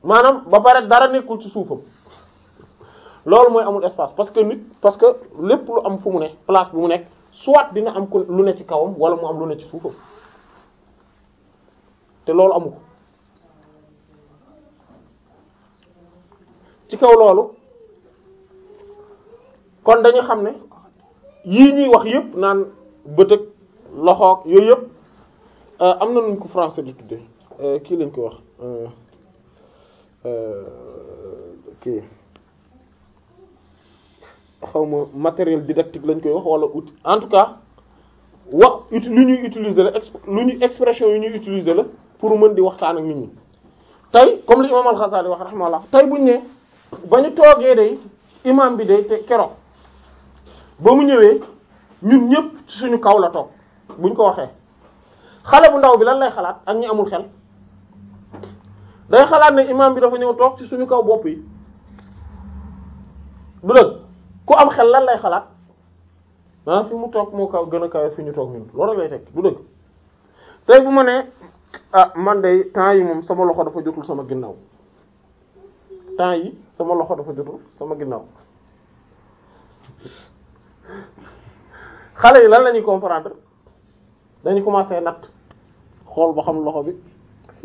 maanaam ba pare dara nekkul ci suufam loolu mooy amul espace parce que nit parce que lépp lu am fu mu ne place bu mu nekk soit dina am ko lu ne ci kawam wala mu am lu ne ci suufam te loolu amu ko ci kaw loolu kon dañu xam ne yii ñuy wax yëpp naan bëtëg loxoog yooyu yëpp euh, am na nuñ ko français di tudde euh, kii lañ ko wax euh, kii xaw ma matériel didactique lañ koy wax wala outil en tout cas wax uti lu ñuy utiliser la lu ñuy expression yu ñuy utiliser la pour mën di waxtaan ak nit ñi tey comme li imam al-Ghazali wax rahimahullah tey buñu ne ba ñu toogee day imam bi day te keroog ba mu ñëwee ñun ñëpp ci suñu kaw la toog buñ ko waxee xale bu ndaw bi lañ lay xalaat ak ñi amul xel day xalaat ne imam bi dafa ñëw toog ci suñu kaw bopp yi du ku am xel lan lay xalaat ah fi mu toog moo kaw gën a kawe fi ñu toog ñun loolu lay teg bu dëgg tey bu ma nee ah man de temps yi moom sama loxo dafa jotul sama ginnaaw temps yi sama loxo dafa jotul sama ginnaaw xale yi lan la ñuy comprendre dañu commencer natt xool ba xam loxo bi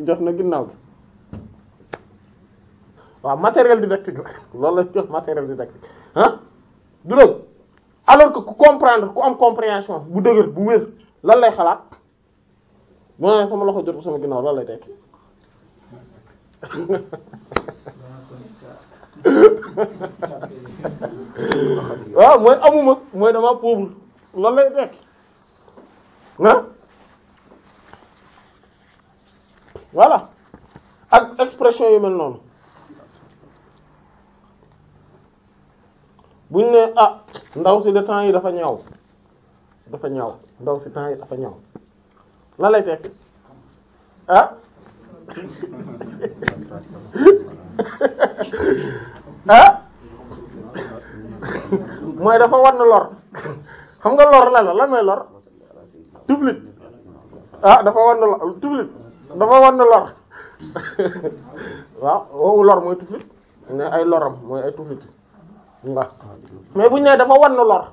jot na ginnaaw gi waaw matériel didactique la loolu la jox matériel didactique ah du dëgg alors ku comprendre ku am compréhension bu dëgër bu wér lan lay xalaat mooy sama loxo jot sama ginnaaw lan lay tekki [laughs] waaw mooy amuma mooy dama pauvre lan lay tekki ah voilà ak expression yu mel noonu bu ñu nee ah ndaw si de temps yi dafa ñaaw dafa ñaaw ndaw si temps yi dafa ñaaw lan lay tekki ah [laughs] ah [laughs] mooy dafa war lor xam nga lor la la mooy lor tuflit ah dafa war na lor tuflit dafa war lor [laughs] waaw woowu lor mooy tuflit ne ay loram mooy ay tuflit waaw mais bu ñu nee dafa na lor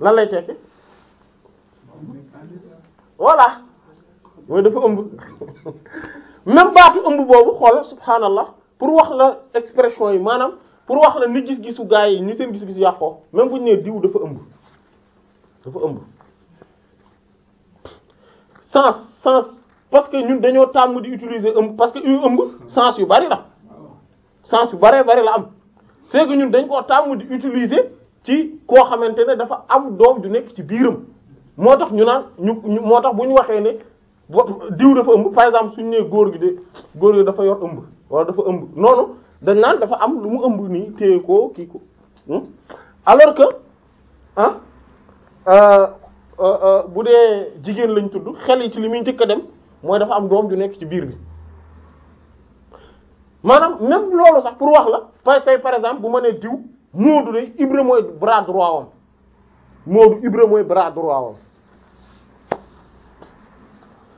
lan lay tekki voilà mooy dafa ëmb même baatu ëmb boobu xool subhaanallah pour wax la expression yi maanaam pour wax la ni gis-gisu gaa yi ñu seen gis-gis yàqoo même bu ñu nee diw dafa ëmb dafa ëmb sens sens parce que ñun dañoo tàmm di utiliser ëmb parce que yu ëmb sens yu bari la sens yu baree bari la am c'est ñun dañ koo tàmm di utiliser ci koo xamante ne dafa am doom ju nekk ci biiram moo tax ñu naan ñu moo tax bu ñu waxee ne diw dafa ëmb par exemple suñ nee góor gi de góor gi dafa yor ëmb wala dafa ëmb noonu dañ naan dafa am lu mu ëmb nii téye ko kii ko hmm? alors que ah bu dee jigéen lañ tudd xel yi ci li muy njëkk a dem mooy dafa am doom ju nekk ci biir bi maanaam même loolu sax pour wax la par par exemple bu ma nee diw Moodu de Ibra mooy bras droit wam Moodu Ibra mooy bras droit wam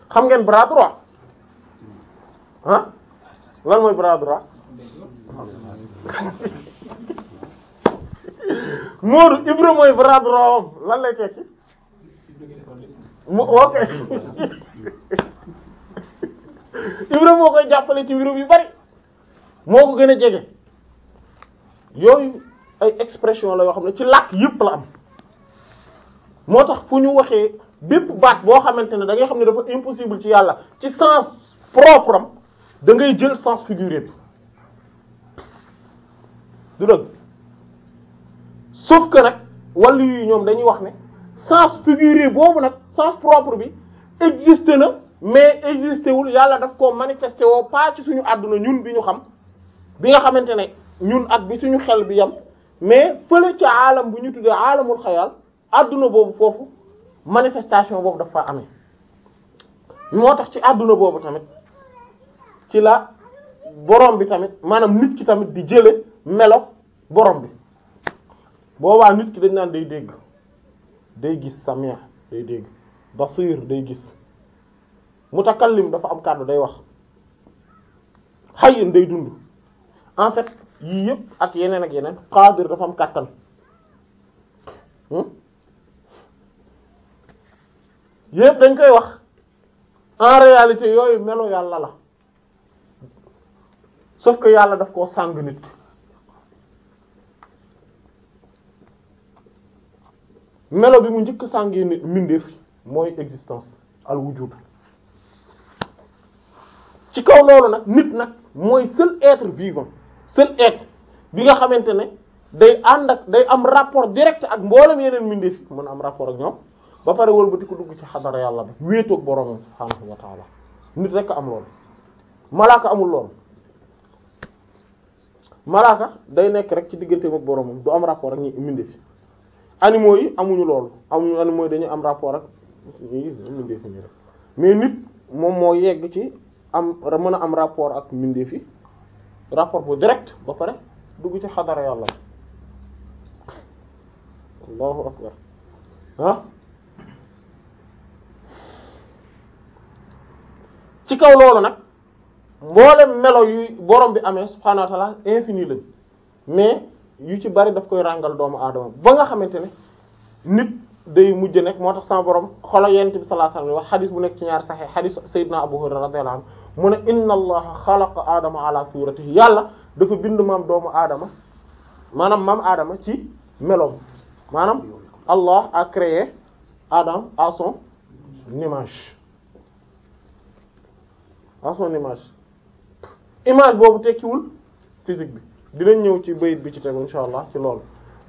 xam ngeen bras droit ah lan mooy mooy bras droit [laughs] wam lan lay tekki mu ok [laughs] moo koy jàppale ci wirum yi bari moo ko gën a jege yooyu ay expression la yoo xam ne ci làkk yëpp la am moo tax fu ñu waxee bépp baat boo xamante ne da ngay xam ne dafa impossible ci yàlla ci sens propre am da ngay jël sens figuré bi du dëgg sauf que nag wàllu yi ñoom dañuy wax ne sens figuré boobu nag sens propre bi existe na mais existé wul yàlla daf koo manifesté woo pas ci suñu àdduna ñun bi ñu xam bi nga xamante ne ñun ak bi suñu xel bi yam mais fële ci aalam bu ñu tuddee aalamul xayaal adduna boobu foofu manifestation boobu dafa amee moo tax ci àdduna boobu tamit ci la borom bi tamit maanaam nit ki tamit di jële melo borom bi boobaa nit ki dañ naan day dégg day gis samia day dégg basir day gis takkal mutakallim dafa am kàddu day wax xayin day dund en fait yii yëpp ak yeneen ak yeneen xaadir dafa am kàttan hmm? yëpp dañ koy wax en réalité yooyu melo yàlla la sauf ko yàlla daf koo sàng nit melo bi mu njëkk sàngee nit mbindeef mooy existence al wujud ci kaw loolu nag nit nag mooy seul être vivant seen eeg bi nga xamante ne day ànd ak day am rapport direct ak mboolem yeneen mbindeef yi mën a am rapport ak ñoom ba pare wëlbatiku dugg ci xadara yàlla bi wéetoog boroomam subhaanahu wa taala nit rekk am loolu malaaka amul loolu malaaka day nekk rek ci digganteem ak boroomam du am rapport ak ñi mbindeef yi animaux yi amuñu loolu amuñu animaux yi dañuy am rapport ak ñi yi mais nit moom moo yegg ci am mën a am rapport ak mbindeef yi rapport bu direct ba pare dugg ci xadara yàlla allahu akbar ah ci kaw loolu nag mboolem melo yu borom bi amee subhaanahu wa ta'ala infini lañ mais yu ci bari daf koy ràngal doomu aadama ba nga xamante ne nit day mujj nekk moo tax sama borom xolo yonent bi sallallahu alayhi wasallam wax xadis bu nekk ci ñaar saxee xadis Seydina Abu Hurayra radiyallahu anhu mu ne inna allaha xalaqa aadama ala suratihi yàlla dafa bind maam doomu aadama maanaam maam aadama ci meloom maanaam Allah a créé Adam à son image à son image image boobu tekkiwul physique bi dinañ ñëw ci bayit bi ci tegu insha allah ci loolu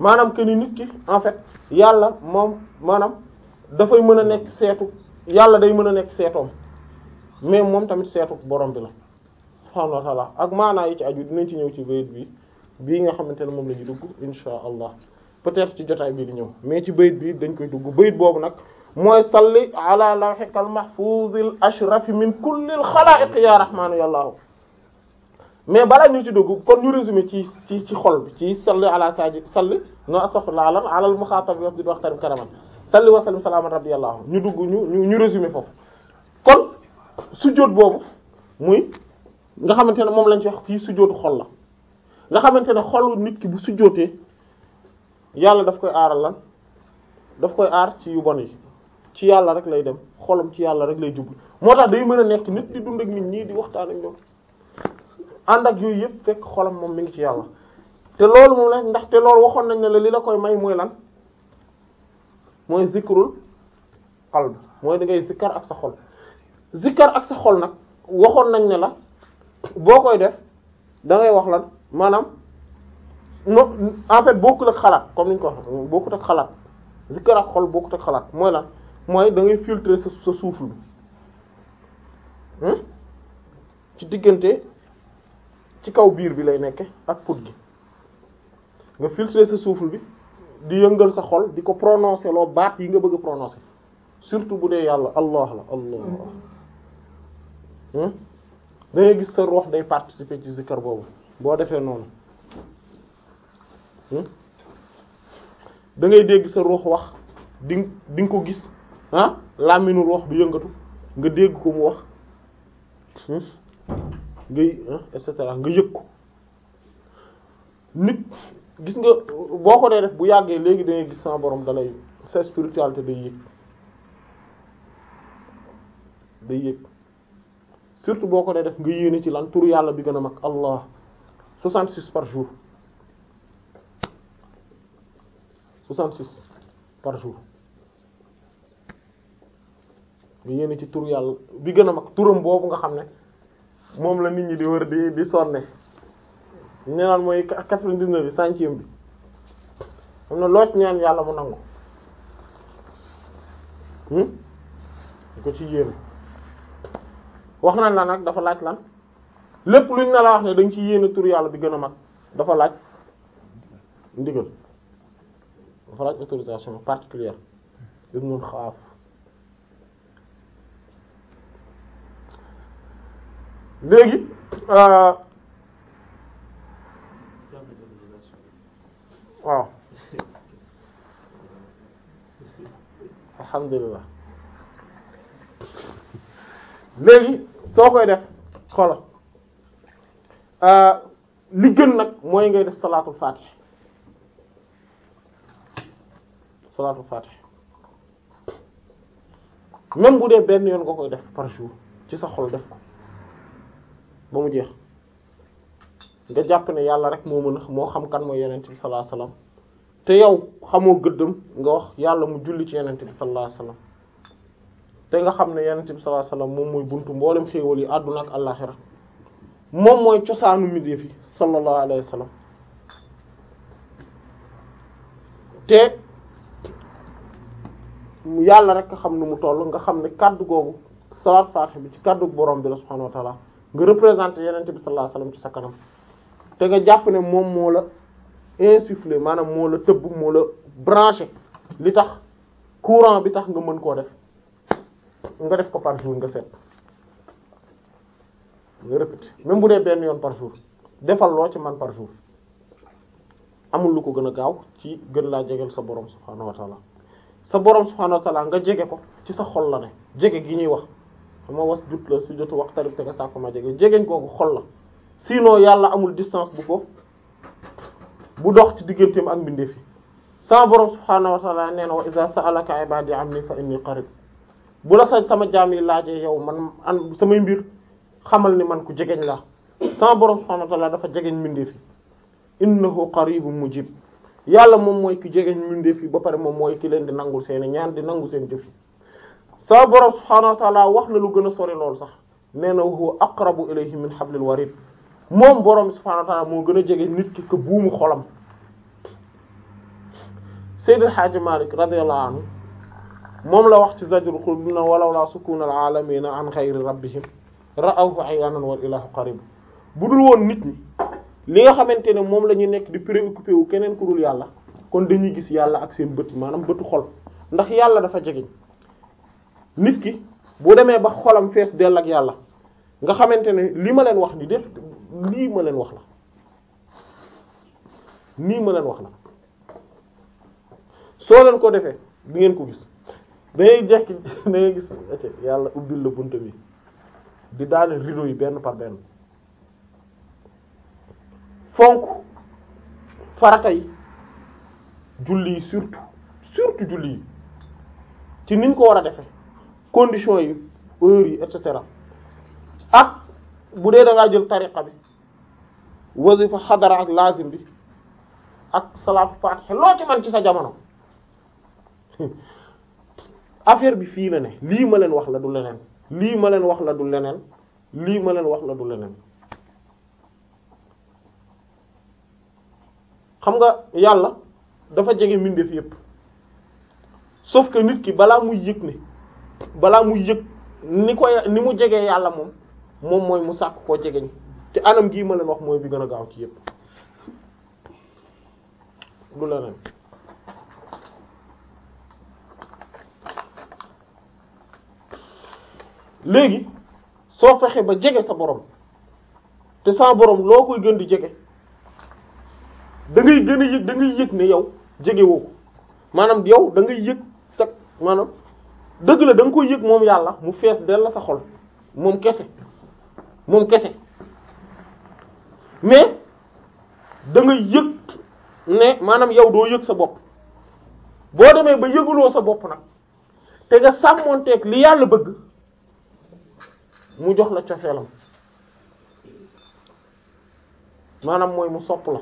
maanaam que ni nit ki en fait yàlla moom maanaam dafay mën a nekk seetu yàlla day mën a nekk seetoom mais moom tamit seetu borom bi la subhaanahu wa ta'ala ak maanaa yi ci aju dinañ ci ñëw ci bayit bi bii nga xamante ne moom la ñu dugg insha allah peut-être ci jotaay bi di ñëw mais ci bayit bi dañ koy dugg bayit boobu nag mooy salli ala lawhikal mahfuzil ashrafi min kullil xalaa'iq ya rahmaanu yàllaahu mais balaa ñu ci dugg kon ñu résumé ci ci ci xol bi ci salli ala saji salli no astaghfirullah alam alal muxaatab wasdid waxtarib karaman salli wa sallim salaaman radiyallahu ñu dugg ñu ñu résumé foofu kon sujjóot boobu muy nga xamante ne moom lañ ci wax fii sujjóotu xol la nga xamante ne xolu nit ki bu sujjóotee yàlla daf koy aaral lan daf koy aar ci yu bon yi ci yàlla rek lay dem xolam ci yàlla rek lay jublu moo tax day mën a nekk nit di dund ak nit ñii di waxtaan ak ñoom ànd ak yooyu yëpp fekk xolam moom mi ngi ci yàlla te loolu moom la ndaxte lool waxoon nañ ne la li la koy may mooy lan mooy zikrul qalb mooy da ngay zikkar ak sa xol zikkar ak sa xol nag waxoon nañ ne la boo koy def dangay wax lan maanaam no en fait bokkul ak xalaat comme ni ñu ko waxee bokkul ak xalaat zikkar ak xol bokkul ak xalaat mooy lan mooy dangay ngay filtrer sa sa souffle hmm? ci diggante ci kaw biir bi lay nekke ak put gi nga filtrer sa souffle bi di yëngal sa xol di ko prononcer loo baat yi nga bëgg a prononcer surtout bu dee yàlla allah la allah hmm? da ngay gis sa ruux day participer ci zikar boobu boo defee noonu hmm? da dégg sa ruux wax di di nga ko gis ah làmmiñu ruux bi yëngatu nga dégg ko mu wax hmm? ngay eh, et cetera nga yëg ko nit gis nga boo ko dee def bu yàggee léegi dangay gis sa boroom dalay sa spiritualité day yëg day yëg surtout boo ko dee def nga yéene ci lan turu yàlla bi gën a mag allah soixante-six par jour soixante-six par jour nga yéene ci turu yàlla bi gën a mag turam boobu nga xam ne moom la nit ñi di wër di di sonne ñu naan mooy quatre vingt dix bi centième bi xam na loo ñaan yàlla mu nangu hmm? di ko ci yéene wax nañ la nag dafa laaj lan lépp luñ na la wax ne da ci yéen tur yàlla bi gën a mag dafa laaj ndigal dafa laaj autorisation particulière daf xaas léegi euh, waaw alhamdulilah léegi soo koy def xolo euh, li gën nag mooy ngay def salaatul fatih salaatul fatih même bu dee benn yoon nga koy def par jour ci sa xol def ko ba mu jeex nga jàpp ne yàlla rek moo mën a moo xam kan mooy yonent bi sallallahu alayhi te yow xamoo gëddam nga wax yàlla mu julli ci yonent bi sallallahu alayhi te nga xam ne yonent bi sallallahu moom mooy buntu mboolem xéewal yi àdduna ak moom mooy cosaanu midéef yi sallallahu alayhi wasallam te yàlla rek nga xam ne mu toll nga xam ne kàdd googu salaat faatiha bi ci kàddu borom bi la subhaanahu wa nga représenté représenter yenente bi sallallahu ci sa kanam te nga jàpp ne moom moo la insufflé maanaam moo la tëbb moo la branché li tax courant bi tax nga mën koo def nga def ko par jour nga set nga répété même bu dee benn yoon par jour defal loo ci man par jour amul lu ko gën a gaaw ci gën laa jegel sa borom subhaanahu wa taala sa borom subhaanahu wa nga jege ko ci sa xol la ne jege gi ñuy wax xam was jut la su jotu wax tarif te nga sàkku ma jege jegeñ kooku xol la sinoo yàlla amul distance bu ko bu dox ci digganteem ak mbindeef yi sama borom subhaanahu wa ta'ala nee na wa iza sa'alaka am anni fa inni qarib bu la sa sama jaam yi laajee yow man an samay mbir xamal ni man ku jegeñ la sama borom subhaanahu wa ta'ala dafa jegeñ mbindeef yi innahu qaribun mujib yàlla moom mooy ki jegeñ mbindeef yi ba pare moom mooy ki leen di nangul seeni ñaan di nangu seen jëf sa borom subhaanahu wa wax na lu gën a sori lool sax nee na huwa aqrabu ilayhi min hablil warid moom borom subhaanahu wa moo gën a jege nit ki ko buumu xolam Seydi El Hadji Malick radiyallahu moom la wax ci Zajrul Qulub na walaw laa sukuuna al aalamiina an ghayri rabbihim ra'awhu 'ayaanan wal ilaahu qariib bu dul woon nit ñi li nga xamante ne moom la ñu nekk di préoccupé wu keneen ku dul yàlla kon dañuy gis yàlla ak seen bët maanaam bëtu xol ndax yàlla dafa jegeñ nit ki boo demee ba xolam fees dell ak yàlla nga xamante ne lii ma leen wax ni def lii ma leen wax la nii ma leen wax la soo leen ko defee di ngeen ko gis dangay jekki [laughs] dangay gis yàlla ubbil la bunt bi di daane rideau yi benn par benn fonk farata yi julli yi surtout surtout julli yi ci niñ ko war a defee condition yi heure yi et cetera bu dee dangaa jël tariqa bi wazifa xadara ak lazim bi ak salaatu fatiha loo ci man ci sa jamono affaire bi fii la ne lii ma leen wax la du leneen lii ma leen wax la du leneen lii ma wax la du leneen xam nga yàlla dafa jege mbindeef yëpp sauf que nit ki balaa muy yëg ne balaa mu yëg ni ko ni mu jege yàlla moom moom mooy mu sàkk koo jegeñ te anam gii ma leen wax mooy bi gën a gaaw ci yëpp du leneen léegi soo fexe ba jege sa borom te sa borom loo koy gën di jege da ngay gën a yëg da yëg ne yow jege woo ko maanaam yow dangay ngay yëg sax maanaam dëgg la da nga koy yëg moom yàlla mu fees del la sa xol moom kese moom kese mais da nga yëg ne maanaam yow doo yëg sa bopp boo demee ba yëguloo sa bopp nag te nga sàmmoonteeg li yàlla bëgg mu jox la cofeelam maanaam mooy mu sopp la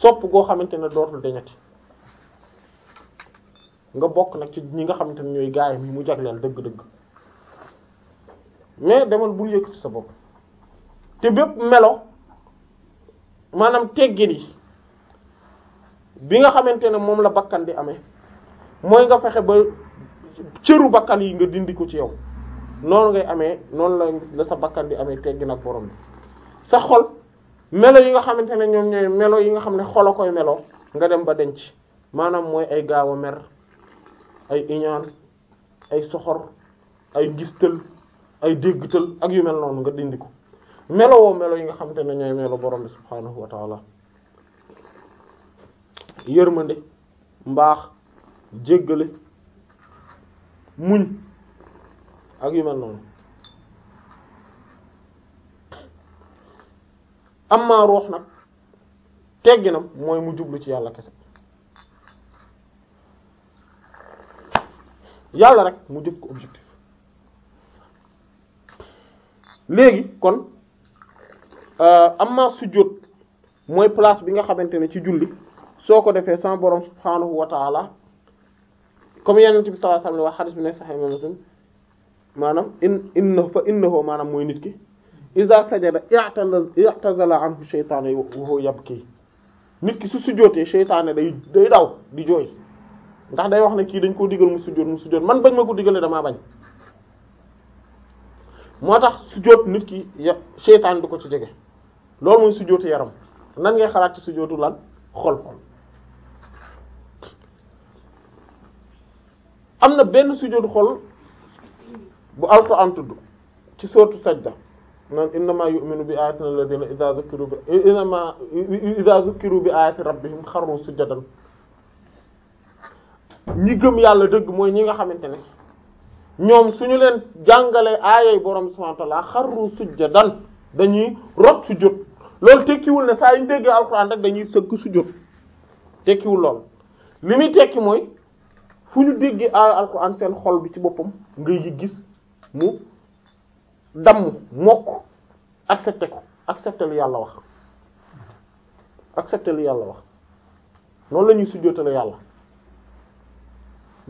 sopp goo xamante ne dootul dañati nga bokk nag ci ñi nga xamante ne ñooy gaayam yi mu jagleel dëgg-dëgg mais demal bul yëkkati sa bopp te bépp melo maanaam teggin yi bi nga xamante ne moom la bakkan di amee mooy nga fexe ba cëru bakkan yi nga dindi ko ci yow noonu ngay amee noonu la la sa bakkan di amee teggin ak borom bi sa xol melo yi nga xamante ne ñoom ñooy melo yi nga xam ne xol a koy melo nga dem ba denc maanaam mooy ay gaaw a mer ay iñaan ay soxor ay gistal ay déggtal ak yu mel noonu nga dindi ko melo woo melo yi nga xamante ne ñooy melo borom bi subhaanahu wa yërmande mbaax jéggale muñ ak yu mel noonu amma ruux nag tegginam mooy mu jublu ci yàlla kese yàlla rek mu jëf ko objectif léegi kon euh, amma sujjóot mooy place bi nga xamante ne ci julli soo ko defee sama borom subhaanahu wa taala comme yenent bi sallallahu alayhi wa sallam xadis bi ne sahih muslim maanaam in inna fa innahu maanaam mooy nit ki iza sajada i'tazala anhu shaytaan wa huwa yabki nit ki su sujjóotee shaytaane day day daw di jooy ndax day wax ne kii dañ koo digal mu sujjóot mu sujjóot man bañ ma ko digalee damaa bañ moo tax sujjóot nit ki ya seytaan du ko ci jege loolu mooy sujjóotu yaram nan ngay xalaat ci sujjóotu lan xol am na benn sujjóotu xol bu Alxuraan tudd ci sootu sajda naan innama yu'minu bi ayatina alladhina idha zukiru bi innama idha zukiru bi ayati rabbihim xarru sujadan ñi gëm yàlla dëgg mooy ñi nga xamante ne ñoom suñu leen jàngale aayay borom subhanahu wa ta'ala xarru sujjadan dañuy rot sujjóot loolu tekkiwul ne saa yu ñu déggee alxuraan rek dañuy sëgg sujjóot tekkiwul lool li muy tekki mooy fu ñu déggee aaya alxuraan seen xol bi ci boppam ngay gis mu damm mokk accepté ko accepté lu yàlla wax accepté lu yàlla wax noonu la ñuy sujjóotale yàlla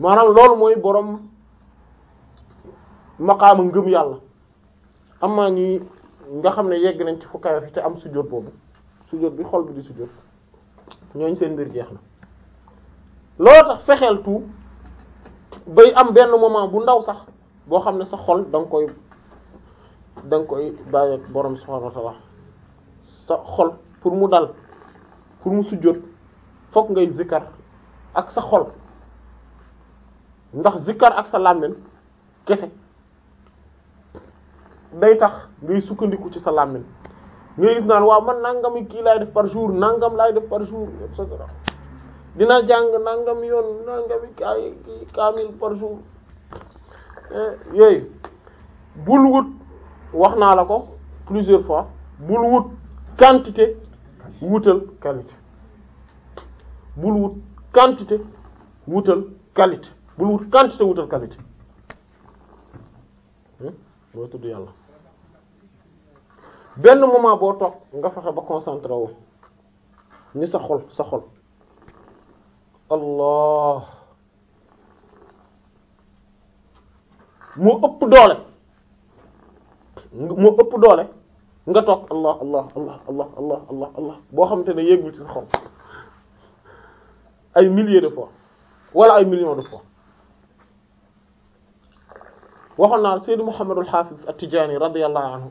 maanaam loolu mooy boroom maqaama ngëm yàlla am na ñi nga xam ne yegg nañ ci fu kawe fi te am sujjóot boobu sujjóot bi xol bi di sujjóot ñooñ seen mbir jeex na loo tax fexeel tu bay am benn moment bu ndaw sax boo xam ne sa xol danga nga koy da nga koy bàyyi ak borom subhanahu sa xol pour mu dal pour mu sujjóot fokk ngay zikkar ak sa xol ndax zikkar ak sa làmmiñ kese day tax ngay sukkandiku ci sa làmmiñ ngay gis naan waa man nangami kii laay def par jour nàngam laay def par jour et dina jàng nangam yoon nangami kaay kii kaamil par jour eh, yooyu bul wut wax naa la ko plusieurs fois bul quantité wutal qualité bul quantité wutal qualité bul wut quantité wutal qualité hmm? booy tudd yàlla benn moment boo toog nga fexe ba concentré wu ni sa xol sa xol allah moo ëpp doole moo ëpp doole nga toog allah allah allah allah allah allah allah boo xamante ne yéegul ci sa xol ay milliers de fois wala ay millions de fois waxoon naa Seydou Mouhamadul Hafiz at-Tijaani radiyallahu anhu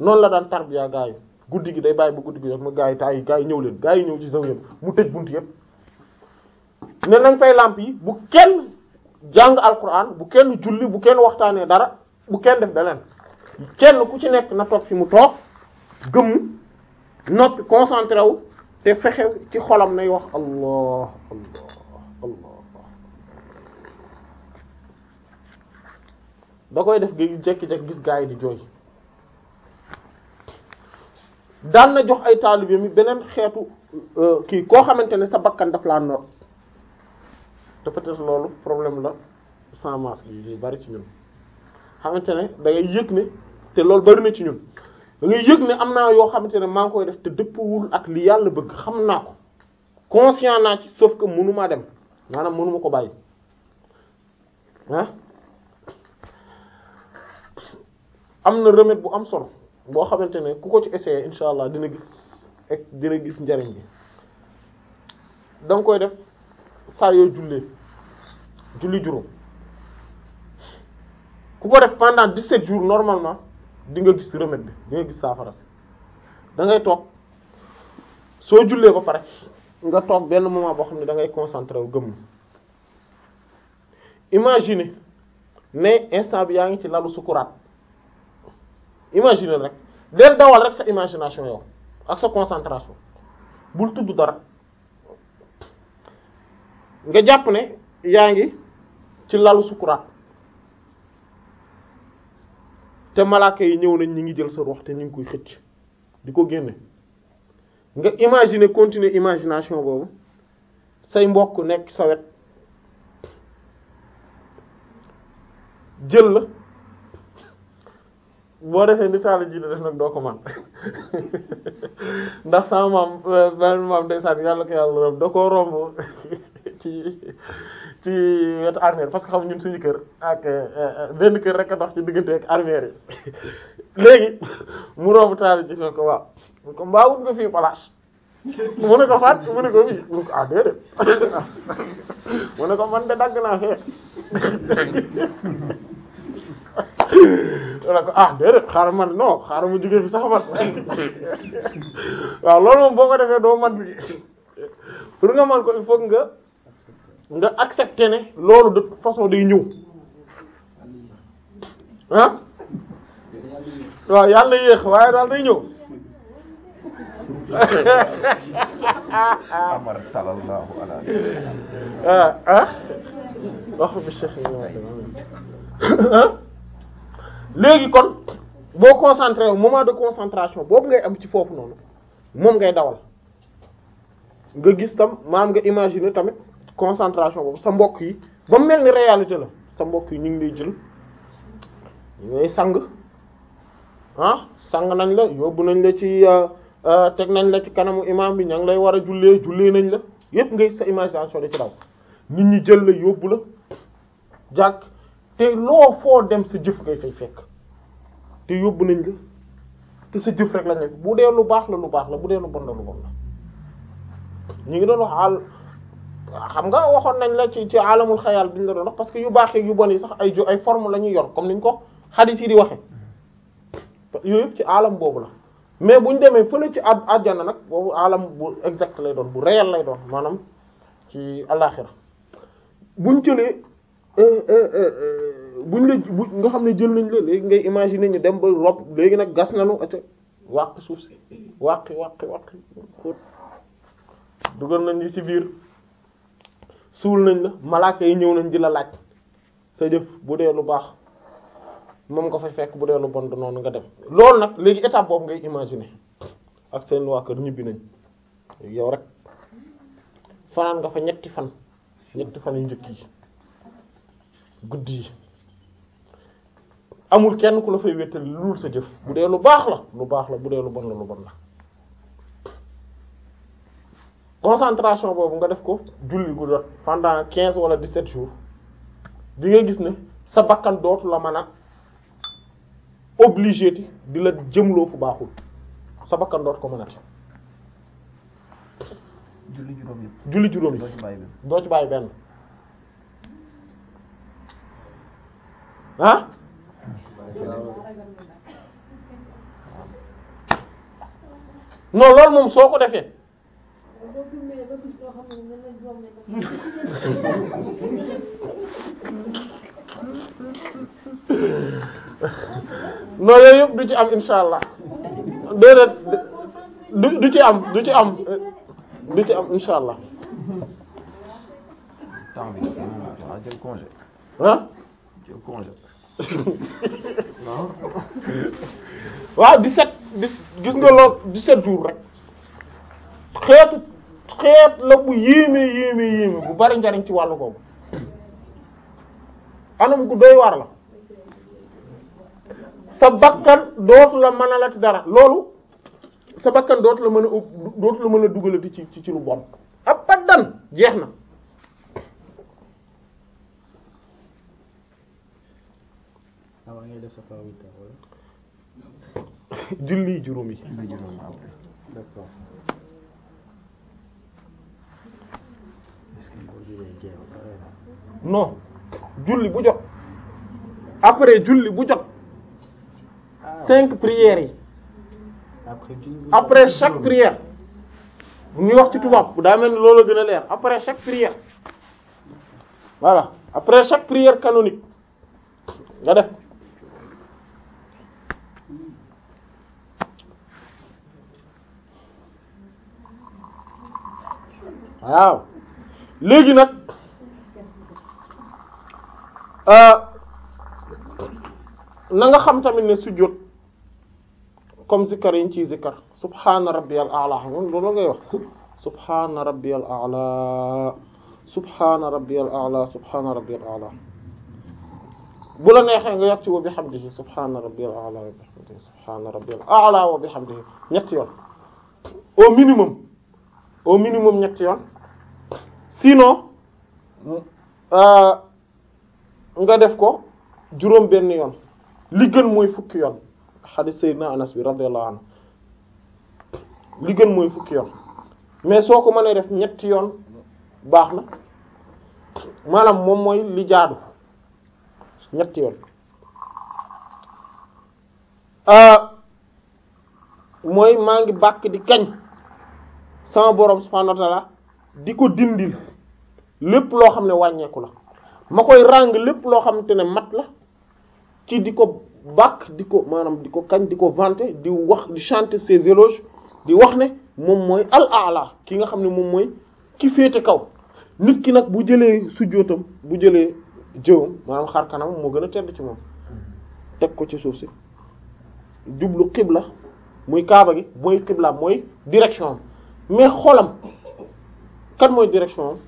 noonu la daan tarbiya gaa yi guddi gi day bàyyi ba guddi gi rek ma gaa yi taay gaa yi ñëw leen gaa yi ñëw ci zawiya mu tëj bunt yëpp ne nañ fay lamp yi bu kenn jàng alquran bu kenn julli bu kenn waxtaanee dara bu kenn def beneen kenn ku ci nekk na toog fi mu toog gëmm noppi concentré wu te fexe ci xolam nay wax allah allah da koy def jékki-jékki gis gaa yi di jooy daal na jox ay taalibe mi beneen xeetu euh, kii koo xamante ne sa bakkan daf laa noot te peut loolu problème la sans masque yu bari ci ñun xamante ne dangay ngay yëg ne te loolu bari na ci ñun dangay ngay yëg ne am naa yoo xamante ne maa ngi koy def te dëppwul ak li yàlla bëgg xam naa ko conscient naa ci sauf que mënumaa dem maanaam mënuma ko bàyyi am na remède bu am solo boo xamante ne ku ko ci essayé insha allah dina gis ak dina gis njariñ bi da koy def saa yoo jullee julli juróom ku ko def pendant 17 jour normalement di gis remède bi di gis saafara si da ngay toog soo jullee ba pare nga toog benn moment boo xam ne da ngay concentré wu gëmm imagine ne instant bi yaa ngi ci lalu sukuraat imaginer rek deel dawal rek sa imagination yow ak sa concentration bul tudd dara nga jàpp ne yaa ngi ci lalu sukuraat te malaaka yi ñëw nañ ñi ngi jël sa ruux te ñu ngi koy xëcc di ko génne nga imaginer continuer imagination boobu say mbokk nekk sa wet jël la boo defee ni taala ji def nag doo ko man ndax sama maam benn maam ndeysaan yàlla ko yàlla rom da koo romb ci ci wetu armeer parce que xam ñun suñu kër ak benn kër rek a dox ci diggante ak armeer yi léegi mu romb taala ji ne waaw mu ko mbaa wut nga fii place mu ne ko faat mu ne ko bii mu ko ah déedéet mu ne ko man de dagg naa fee wala ko ah déedéet xaaral man non xaaral ma jugee fi sax man waaw loolu moom boo ko defee doo man pour nga man ko il faut nga nga accepter ne loolu de façon day ñëw ah waaw yàlla yéex waaye daal day ñëw léegi kon boo concentré au moment de concentration boobu ngay am ci foofu noonu moom ngay dawal nga gis tam maam nga imaginer tamit concentration boobu sa mbokk yi ba mu mel ni réalité la sa mbokk yi ñu ngi lay jël ñooy sang ah sang nañ la yóbbu nañ la ci euh, euh, teg nañ la ci kanamu imam bi ñaŋ lay war a jullee jullee nañ la yépp ngay sa imagination da ci daw nit ñi jël la yóbbu la jàkk te loo foo dem sa jëf ngay fay fekk te yóbbu nañ li te sa jëf rek lañ bu dee lu baax la lu baax la bu dee lu bon la lu bon la ñu ngi doon wax waa xam nga waxoon nañ la ci ci alamul xayal bi ñu la doon wax parce que yu baax yu bon yi sax ay jo ay forme la ñuy yor comme niñ ko xadis yi di waxe yooyu ci alam boobu la mais bu ñu demee fële ci ab àjjana nag boobu alam bu exact lay doon bu réel lay doon maanaam ci alaxira buñ jëlee Euh, euh, euh, buñ la bu nga xam ne jël nañ la léegi ngay imaginer ñu dem ba rob léegi nag gas nañu aca wàq suuf si wàqi wàqi wàqi xóot dugal nañ ci biir suul nañ la malaaka yi ñëw nañ di la laaj sa jëf bu dee lu baax moom nga fay fekk bu dee lu bon du noonu nga dem loolu nag léegi étape boobu ngay imaginer ak seen waa kër ñibbi nañ yow rek fanaan nga fa ñetti fan ñetti fan yu njëkk yi guddi amul kenn ku la fay wéttali lu sa jëf bu dee lu baax la lu baax la bu dee lu bon la lu bon la concentration boobu nga def ko julli gu jot pendant quinze wala dix-sept jours di nga gis ne sa bakkan dootu la mën a obligé di la jëmloo fu baaxul sa bakkan dootu ko mën a ti julli juróom yi doo ci bàyyi benn ah non loolu moom soo ko defee [laughs] non yooyu yëpp du ci am insha allah déedéet du du ci am du ci am du ci am insha allah ah ci congé waaw waaw 17 bis gis nga lool 17 jur rek xeetu xeet la bu yéeme yéeme yéeme bu bari njariñ ci wàllu googu anam gu doy war la sa bakkan dootu la mën a lati dara loolu sa bakkan dootu la mën a dootu la mën a dugalati ci ci ci lu bon abadan jeex na avant ngay [coughs] julli juróom non julli bu jot après julli bu jot ah. cinq prières yi après chaque prière ñu wax ci ah. tubaab daa mel ni loolu gën a leer après chaque prière voilà après chaque prière canonique nga def waaw léegi nag euh, na nga xam tamit ne sujjóot comme zikkar yi ñu ciy zikkar subhaana rabbiyal a'la xam nga loolu ngay wax subhaana rabbiyal a'la subhaana rabbiyal a'la subhaana rabbiyal a'la bu la neexee nga yàq ci wa bihamdihi subhaana rabbiyal a'la wa bihamdihi subhaana rabbiyal a'la wa bihamdihi ñetti yoon au minimum au minimum ñetti yoon sino euh, nga def ko juróom benn yoon li gën mooy fukki yoon hadith sayyidina Anas bi radiyallahu anhu li gën mooy fukki yoon mais soo ko mënee def ñetti yoon baax na maanaam moom mooy li ñetti yoon euh, mooy maa ngi bàkk di kañ sama borom subhaanahu wa ta'ala di ko dindil lépp loo xam ne wàññeeku la ma koy ràng lépp loo xamante ne mat la ci di ko bàkk di ko maanaam di ko kañ di ko vanter di wax di chanter ses éloges di wax ne moom mooy al ala ki nga xam ne moom mooy ki féete kaw nit ki nag bu jëlee sujjóotam bu jëlee jëwam maanaam xar kanam moo gën a tedd ci moom teg ko ci suuf si xib la muy kaaba gi mooy laa mooy direction mais xolam kan mooy direction am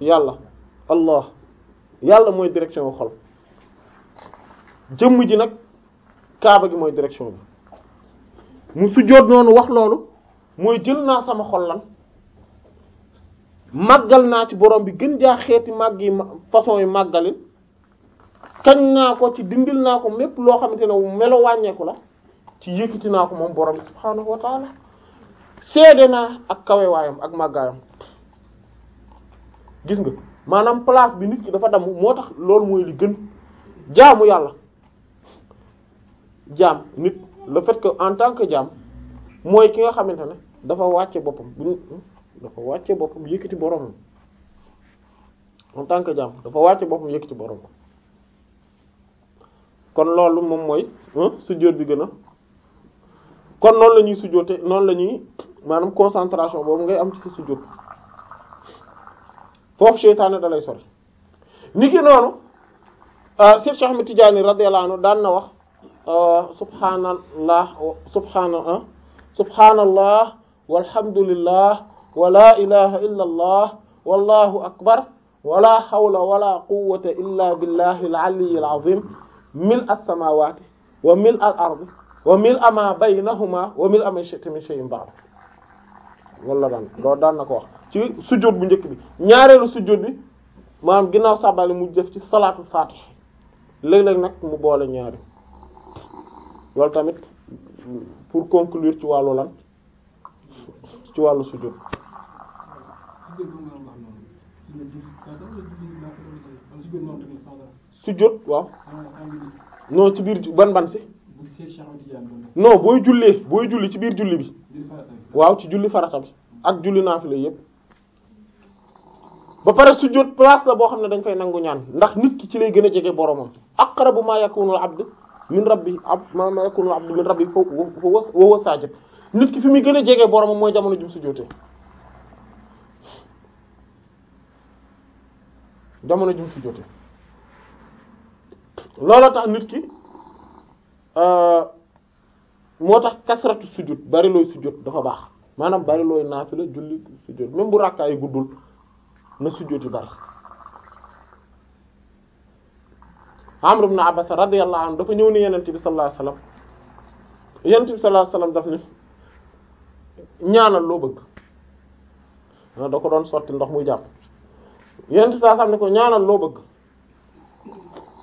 yàlla allah yàlla mooy direction xol jëmm ji nag kaaba gi mooy direction bi mu sujjóot noonu wax loolu mooy jël naa sama xol lan màggal naa ci borom bi gën jaa xeeti màgg yi façon yi màggalin kañ naa ko ci dindil naa ko lépp loo xamante ne melo wàññeeku la ci yëkkati naa ko moom borom subhaanahu wa taala seede naa ak kawewaayam ak màggaayam gis nga maanaam place bi nit ki dafa damm moo tax loolu mooy li gën jaamu yàlla jaam nit le fait que en tant que jaam mooy ki nga xamante ne dafa wàcce boppam hmm, dafa wàcce boppam yëkkati boromam en tant que jaam dafa wàcce boppam yëkkati boromam kon loolu moom mooy hmm, sujjóot bi gën a kon noonu la ñuy sujjóote noonu la ñuy maanaam concentration boobu ngay am ci sa sujjóot foofu seytaane a lay sori niki noonu Seydi ah, Cheikh Ahmed Tidiane radiyallahu anhu daan na wax ah, subhanallah subhanallah subhanallah walhamdulillah wala ilaha illa allah wallahu akbar wala hawla wala quwwata illa billahi al aliyyil azim mil as ardi wa mil ama baynahuma wa mil ama shay'in yu shay'in ba'd walla daan daan na ko wax ci sujjóot bu njëkk bi ñaareelu sujjóot bi maanaam ginnaaw sàbbali mu jëf ci salaatu fatih léeg-léeg nag mu boole ñaari loolu tamit pour conclure ci wàllu lan ci wàllu sujjóot sujjóot waaw non ci biir ban ban si no booy jullee booy julli ci biir julli bi waaw ci julli farata bi ak julli naafila yépp ba pare sujjóot place la boo xam ne dañ fay nangu ñaan ndax nit ki ci lay gën a jege boromam aqrabu ma yakunu al-abd min rabbi ma ma yakunu al-abd min rabbi wa huwa sajid nit ki fi muy gën a jege boromam mooy jamono jum sujjóotee jamono jum sujjóotee looloo tax nit ki Euh, moo tax kasratu sujud bari looy sujud dafa baax maanaam bari looy naafila julli sujud même bu rakkaay guddul na sujud yi bari Amr ibn Abbas radiyallahu anhu dafa ñëw ne Yonent bi sallallahu alayhi wasallam Yonent bi sallallahu alayhi wasallam daf ni ñaanal loo bëgg da ko doon sotti ndox mu jàpp Yonent bi sallallahu alayhi ko ñaanal loo bëgg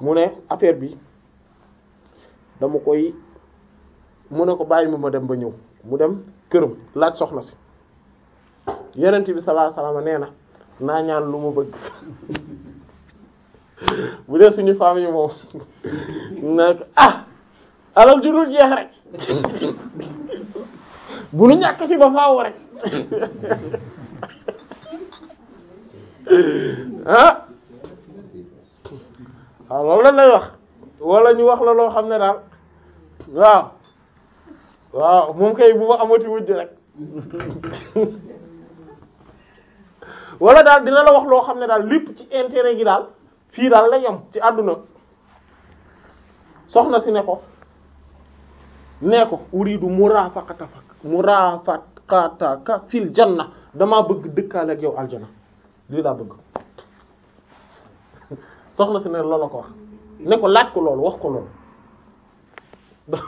mu ne affaire bi dama koy mu ne ko bàyyi ma ma dem ba ñëw mu dem këram laaj soxna si yonent bi sallallahu alayhi wasallam nee na naa ñaan lu mu bëgg [laughs] bu dee suñu famille yi moom [laughs] naa ko ah alal ju jeex rek [laughs] bu nu ñàkk ci ba faaw rek ah waaw loolu la lay wax wala ñu wax la loo xam ne daal waaw waaw moom kay bu ma amati wujj rek wala daal dina la wax loo xam ne daal lépp ci intérêt gi daal fii daal la yem ci àdduna soxna si ne ko ne ko uridu murafaqataka murafaqataka fil janna damaa bëgg dëkkaale yow aljana lii laa bëgg soxna si ne loola ko wax ne ko laaj ko loolu wax ko loolu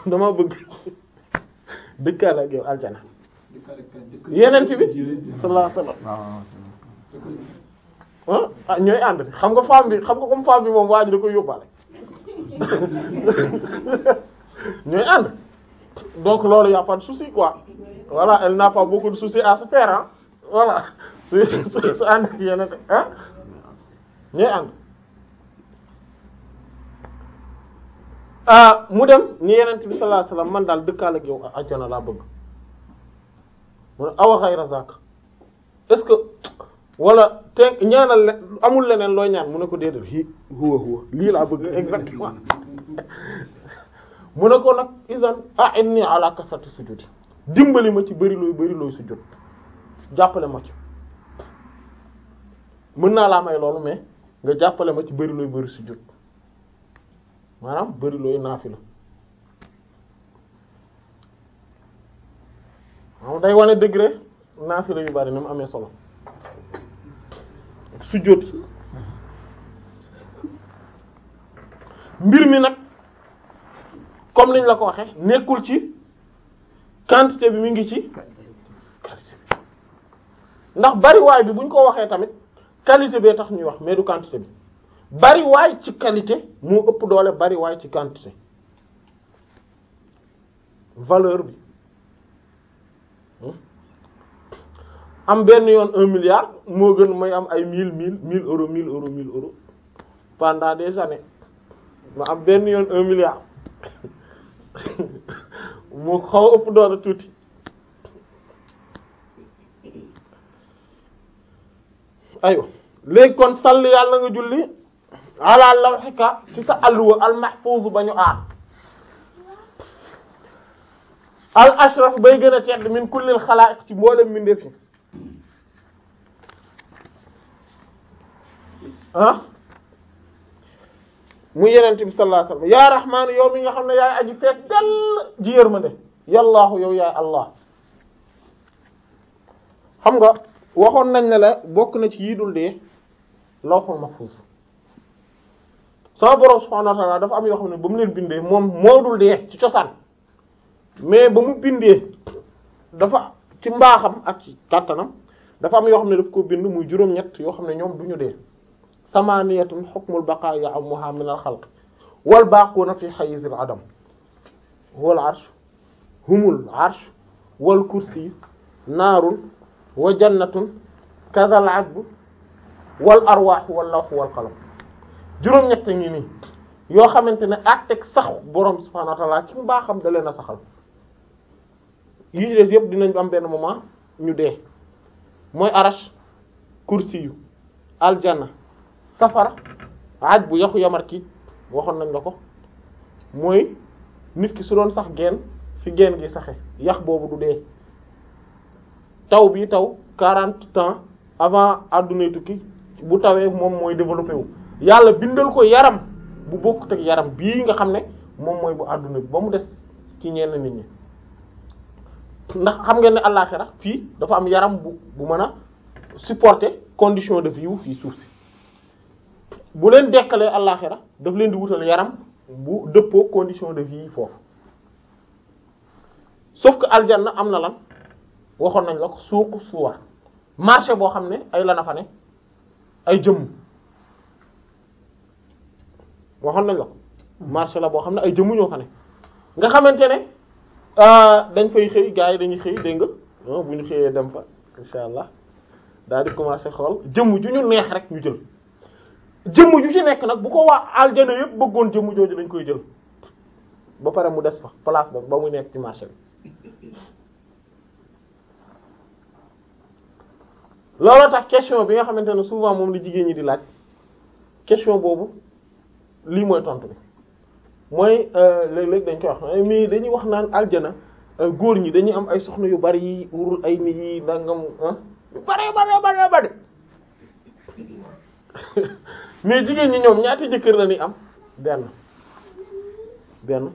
dama bëgg dëkkaale ak yow aljana yeneen ci bi sallallahu alayhi wasallam ah, ah ñooy ànd xam nga femme bi xam nga comme femme bi moom waa ji da koy yóbbaale [laughs] ñooy ànd donc loolu y a pas de souci quoi n'a pas beaucoup de soucis à se faire hein voilà [laughs] su su ànd ak Ah, mu dem ñu yenent bi sallallahu alayhi wasallam man daal dëkkaal ak yow ajjana laa bëgg mu ne awa xayra zaka est-ce que wala te ñaanal amul leneen looy ñaan mu ne ko déedéet hi huwa huwa lii laa bëgg exactement [laughs] mu ne ko nag isan a'inni ala kasati sujudi dimbali ma ci bëri looy bëri looy sujud jàppale ma ci mën naa laa may loolu mais nga jàppale ma ci bëri looy bëri sujud maanaam bëri looy naafila ma day wane degré naafila yu bari ni mu amee solo sujjóot mbir mi nag comme niñ la ko waxee nekkul ci quantité bi mu ngi ci qualité bi ndax bariwaay bi buñ ko waxee tamit qualité bee tax ñuy wax mais du quantité bi bari waay ci qualité moo ëpp doole bari waay ci quantité valeur bi hmm? am benn yoon un milliard moo gën may am ay mill mill mill euros mill euros mille euros pendant des années ma am benn yoon un milliard [laughs] mu xaw ëpp doole tuuti ayo léegi kon sall yàlla nga julli ala lawhika ci sa alluwa al mahfuz ba ñu aar al ashraf bay gën tedd min kullil xalaa'iq ci mboolem mbindeef yi ah mu yenente bi sallallahu alayhi yaa rahmaanu yow mi nga xam ne yaay aji fees dell ji yërmande yallaahu yow yaay allah xam nga waxoon nañ ne la bokk na ci yii dul dee lawhul mahfuz sama borom subhaanahu wa dafa am yoo xam ne ba mu leen bindee moom moo dul dee ci cosaan mais ba mu bindee dafa ci mbaaxam ak ci kàttanam dafa am yoo xam ne daf ko bind muy juróom-ñett yoo xam ne ñoom du ñu dee samaniyatun hukmul baqaa ya amuha min al wal baaquuna fi hayzil adam wal arsh humul arsh wal kursi naarun wa jannatun kadhal adbu wal arwaax wal lawh wal juróom-ñett ngi nii yoo xamante ne àtteeg sax borom subhaanahu wa ta'aala ci mbaaxam da leen a saxal yi des yëpp dinañ am benn moment ñu dee mooy arash kursiyu aljanna safara aj bu yaxu yamar ki waxoon nañ la ko mooy nit ki su doon sax geen fi geen gi saxe yax boobu du dee taw bi taw quarante temps avant àddunay tukki bu tawee moom mooy développé wu yàlla bindal ko yaram bu bokkut ak yaram bii nga xam ne moom mooy bu àdduna bi ba mu des ci ñenn nit ñi ndax xam ngeen ne àllaaxira fii dafa am yaram bu bu mën a supporter condition de vie fii suuf si bu leen dekkalee àllaaxira daf leen di wutal yaram bu dëppoo condition de vie yi foofu sauf que na am na lan waxoon nañ la ko suuq suwar marché boo xam ne ay lana fa ne ay jëmm waxoon nañ la ko hmm. marché la boo xam ne ay jëmm ñoo fa ne nga xamante ne euh, dañ fay xëy gars yi dañuy xëy dégg nga oh, bu ñu xëyee dem fa insha allah daal di commencé xool jëmm ju ñu neex rek ñu jël jëmm ju ci nekk nag bu ko waa aljana yëpp bëggoon jëmm jooju dañ koy jël ba pare mu des fa place ba ba mu nekk ci marché bi looloo tax question bi nga xamante ne souvent moom la jigéen ñi di laaj question boobu lii mooy tontu bi mooy euh, léeg-léeg dañ koy wax mais dañuy wax naan aljana euh, góor ñi dañuy am ay soxna yu bari yi wurul ay nit yi ndangam ah bare bare mais jigéen ñi ñoom ñaata jëkkër la ni am benn benn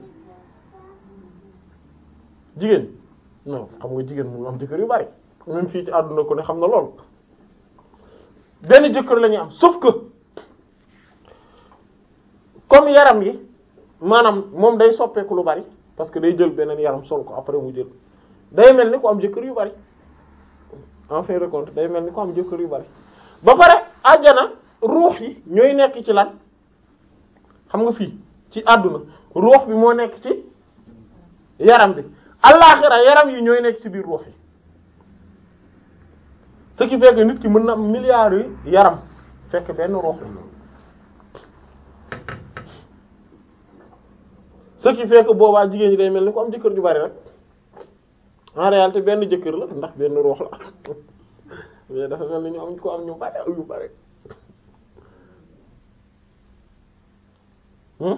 jigéen non xam nga jigéen mu am jëkkër yu bari même fii ci àdduna ko ne xam na lool benn jëkkër lañu am sauf que comme yaram yi maanaam moom day soppeeku lu bari parce que day jël beneen yaram sol ko après mu jël day mel ni ku am jëkkër yu bari en fin day mel ni ku am jëkkër yu bari ba pare àjjana ruux yi ñooy nekk ci lan xam nga fi ci àdduna ruux bi moo nekk ci yaram bi allaaxira yaram yi ñooy nekk ci biir ruux yi ce qui fait que nit ki mën na am milliards yi yaram fekk benn ruux la ce qui boobaa jigéen ñi day mel ni ko am jëkkër ju bari rek en réalité benn jëkkër la ndax benn ruux la [laughs] mais dafa mel ni ñu am ko hmm?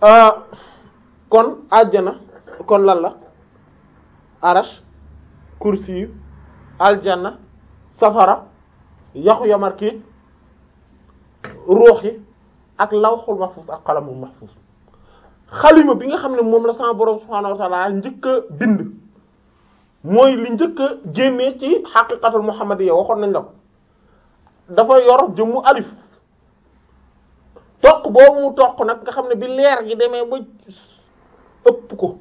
ah, kon àjjana kon lan la arash kursi aljana safara yaxu yamarki ruux yi ak lawxul mahfuz ak qalamul mahfuz xalima bi nga xam ne moom la sama borom subhaanahu wa ta'ala njëkk a bind mooy lu njëkk a génnee ci xaqiqatul muhammadiyya waxoon nañ la dafa yor jëmmu alif toq boobu mu toq nag nga xam ne bi leer gi demee ba ëpp ko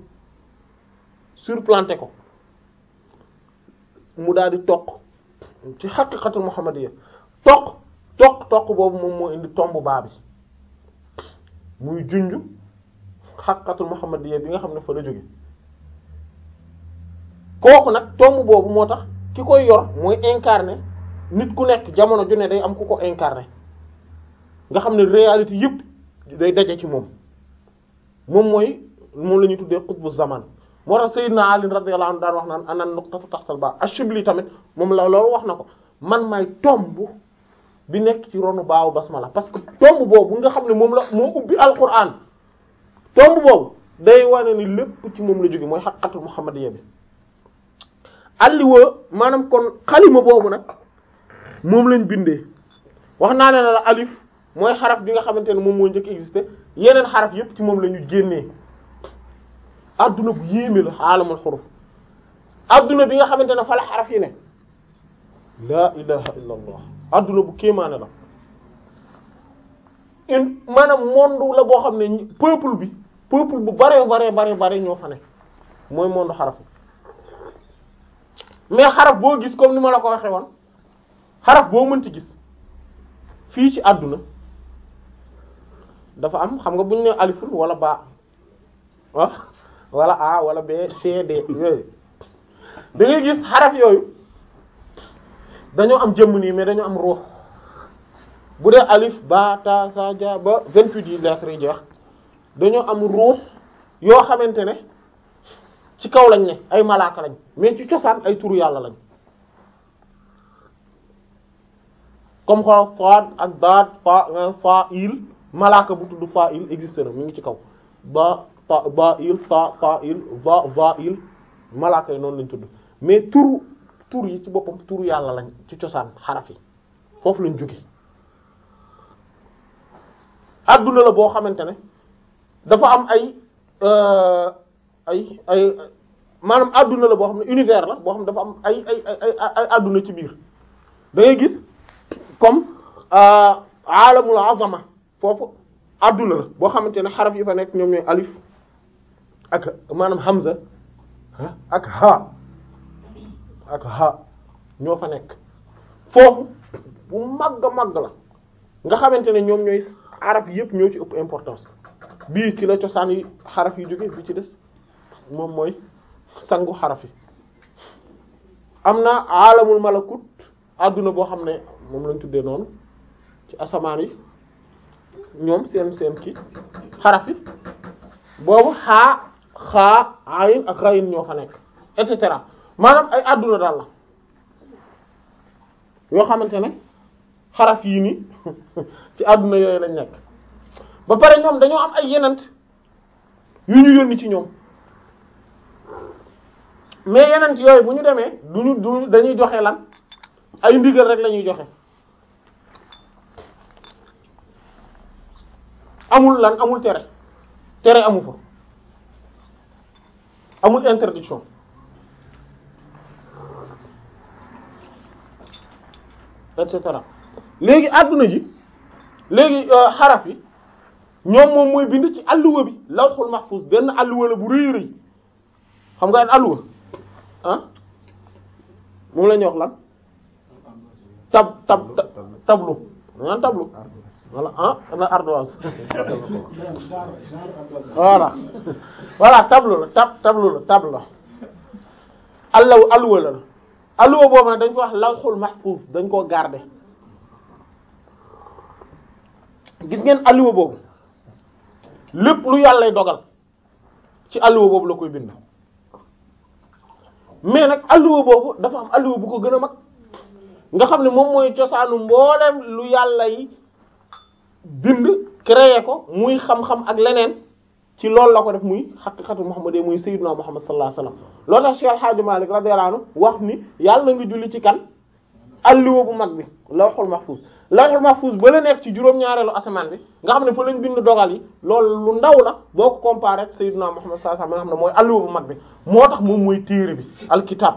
surplante ko mu daal toq ci xaqiqatul muhammadiyya toq toq toq boobu moom moo indi tomb baa bi muy junj xaqiqatul muhammadiyya bi nga xam ne fa la jóge kooku nag tomb boobu moo tax ki koy yor mooy incarné nit ku nekk jamono ju ne day am ku ko incarné nga xam ne réalité yëpp day daje ci moom moom mooy moom la ñuy tuddee xutbu zaman moo tax na Ali radiyallahu anhu daan wax naan anan nuqtatu taxtal ba ashibli tamit moom la loolu wax na ko man maay tomb bi nekk ci ronu baawu la parce que tomb boobu nga xam ne moom la moo ubbi alquran tomb boobu day wane ni lépp ci moom la jóge mooy xaqiqatul muhammadiyya bi maanaam kon xalima boobu nag moom lañ bindee wax naa ne la mooy xaraf bi nga xamante ne moom moo njëkk existé yeneen xaraf yépp ci moom la ñu génnee adduna bu yéeme la xaalamal xuruf adduna bi nga xamante ne fa la xaraf yi ne laa ilaha illa allah adduna bu kéemaane la une maanaam monde la boo xam ne peuple bi peuple bu bare bare bari bari ñoo fa ne mooy monde xaraf mais xaraf boo gis comme ni ma la ko waxee woon xaraf boo mënti gis fii ci àdduna dafa am xam nga buñ ñu nee aliful wala baa ah, wala A wala B C D yooyu da ngay gis xaraf yooyu. dañoo am jëmm nii mais dañoo am ruux bu dee alif ba ta sa ba vingt-huit yi lettres yi jeex dañoo am ruux yoo xamante ne ci kaw lañ ne ay malaaka lañ mais ci cosaan ay turu yàlla lañ comme xo sad ak daat fa fa il malaaka bu tudd fa il existé na mu ngi ci kaw ba fa ba il fa fa il va va il malaaka yi noonu lañ tudd mais turu tur yi ci boppam tuur yàlla lañ ci cosaan xaraf yi foofu lañ jóge adduna la boo xamante ne dafa am ay euh, ay ay maanaam adduna la boo xam ne univers la boo xam ne dafa am ay ay ay adduna ci biir da ngay gis comme euh, alamul foofu adduna boo xamante ne xaraf yi fa nekk ñoom ñooy alif ak maanaam hamza ah, ak ha ak ha ñoo fa nekk foofu bu màgg màgg la nga xamante ne ñoom ñooy arab yëpp ñoo ci ëpp importance bii ci la cosaan yi xaraf yi jóge bi ci des moom mooy sangu xaraf yi am na alamul malakut adduna boo xam ne moom lañ tuddee noonu ci asamaan yi ñoom seen seen ki xaraf yi boobu xaa xaa ayin ak rayin ñoo fa nekk et cetera maanaam ay adduna daal la yoo xamante ne xaraf yii nii [laughs] ci àdduna yooyu lañ nekk ba pare ñoom dañoo am ay yenent yu ñu yónni ci ñoom mais yenent yooyu bu ñu demee duñu du dañuy joxe lan ay ndigal rek la ñuy joxe amul lan amul tere tere amu fa amul interdiction et cetera léegi adduna ji léegi euh, xaraf yi ñoom moom mooy bind ci alluwa bi lawhul mahfuz benn alluwa la bu rëy rëy xam nga an alluwa ah moom la ñuy wax lan tab tab tablu nga tablu voilà ah na ardoise [laughs] voilà voilà tablu la tab tablu la tablu la alluwa la alluwa boobu nag dañ ko wax lawxul mahfuz dañ koo garde gis ngeen alluwa boobu lépp lu yàllay dogal ci alluwa boobu la koy bind mais nag alluwa boobu dafa am alluwa bu ko gën a mag nga xam ne moom mooy cosaanu mboolem lu yàlla yi bind créer ko muy xam-xam ak leneen ci loolu la ko def muy xaqiqatu Muhammad muy sayyiduna Muhammad sallallahu alayhi wasallam loolu tax Cheikh Alhaji Malik radiyallahu anhu wax ni yàlla nga julli ci kan alluwa bu mag bi lawhul mahfuz lawhul mahfuz ba la nekk ci juróom-ñaareelu asamaan bi nga xam ne fa lañ bind dogal yi loolu lu ndaw la boo ko comparé ak sayyiduna Muhammad sallallahu alayhi wasallam nga xam mooy alluwa bu mag bi moo tax moom mooy téere bi alkitab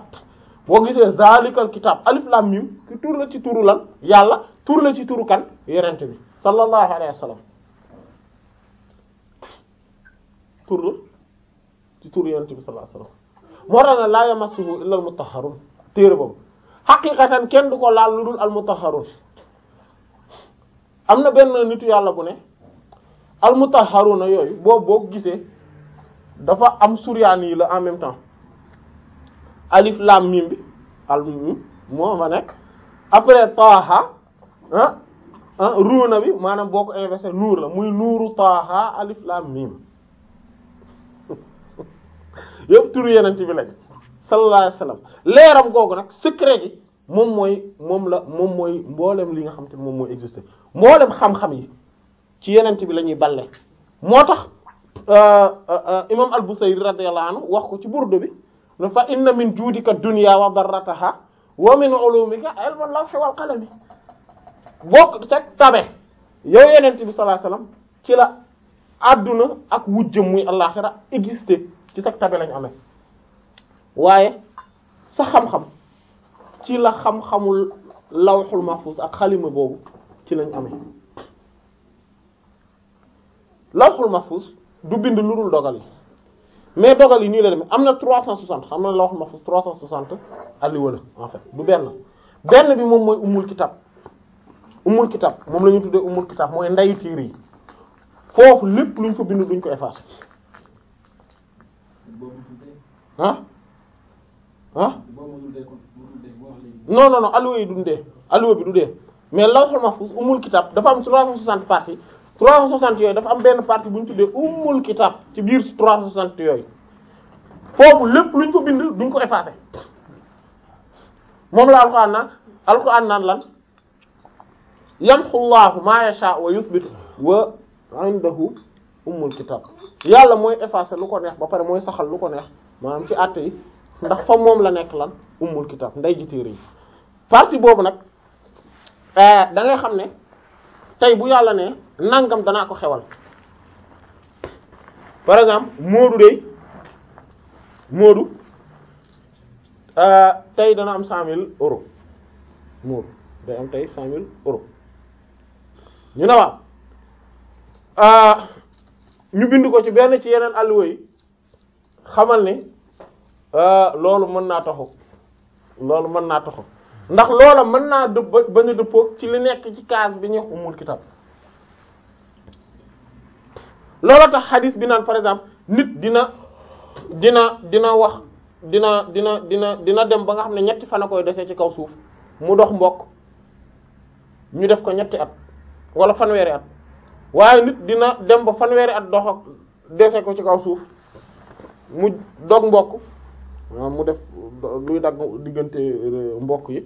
boo gisee zalikal kitab alif lam mim ki tur la ci turu lan yàlla tur la ci turu kan yerente bi sallallahu alayhi wasallam tur ci tur yonent bi sallallahu alayhi wasallam moo tax ne laa yamassuhu illa al mutahharun téere boobu xaqiqatan kenn du ko laal lu dul al mutahharun am na benn nitu yàlla bu ne al mutahharuna yooyu boobu boo gisee dafa am suryaani yi la en même temps alif lam mim bi al mim moo ma nekk après taaha ah, ah ruuna bi maanaam boo ko inversé nuur la muy nuuru taaha alif lam mim yëpp turu yeneen bi lañ sallallahu alayhi leeram googu nag secret gi moom mooy moom la moom mooy mboolem li nga xam te moom mooy exister mboolem xam-xam yi ci yeneen bi lañuy ñuy balle moo tax euh, euh, euh, imaam al-Busayri radiyallahu anhu wax ko ci burdu bi ne fa inna min juudika dunya wa darrataha wa min ulumika ilmul lawhi wal qalami bokk sa tabe yow yeneen bi sallallahu alayhi wasallam ci la àdduna ak wujjëm muy àllaxira exister ci sa tabe lañ amee waaye sa xam-xam ci la xam-xamul lawxul mahfuz ak xalima boobu ci lañ amee lawxul mahfuz du bind lu dul dogal yi mais dogal yi nii la demee am na 360 xam na lawxul mahfuz 360 alliwa la en fait du benn benn bi moom mooy umul kitab umul kitab moom la ñu tuddee umul kitab mooy ndeyu tiir yi foofu lépp luñ fa bind luñ ko effacer ah ah non non non alluwa yi duñ dee bi du dee mais lawhul mahfuz umul kitab dafa am 360 parties 360 yooyu dafa am benn partie bu ñu tuddee umul kitab ci biir 360 yooyu foofu lépp luñ ko bind duñ ko effacer moom la alxuraan naan alxuraan naan lan yamxu llaahu maa yashaa wa yuthbit wa indahu ummul kitab yàlla mooy effacer lu ko neex ba pare mooy saxal lu ko neex maanaam ci àtte yi ndax fa moom la nekk lan ummul kitab nday ji téere yi parti boobu nag eh, da ngay xam ne tey bu yàlla ne nangam danaa ko xewal par exemple Moodu dey Moodu eh, tey dana am cent mille euros Moodu day am tey cent mille euros ñu ne waaw eh, ñu bind ko ci benn ci yeneen alluwa yi xamal ni euh, loolu mën naa taxu loolu mën naa taxu ndax loola mën naa dëpp ba ñu dëppoog ci li nekk ci kaas bi ñu umul kitab loola tax xadis bi naan par exemple nit dina dina dina wax dina dina dina dina dem ba nga xam ne ñetti fan a koy dese ci kaw suuf mu dox mbokk ñu def ko ñetti at wala fanweeri at waaye nit dina dem ba fanweeri at dox ak dese ko ci kaw suuf mu dog mbokk mu def luy dagg diggante euh, mbokk yi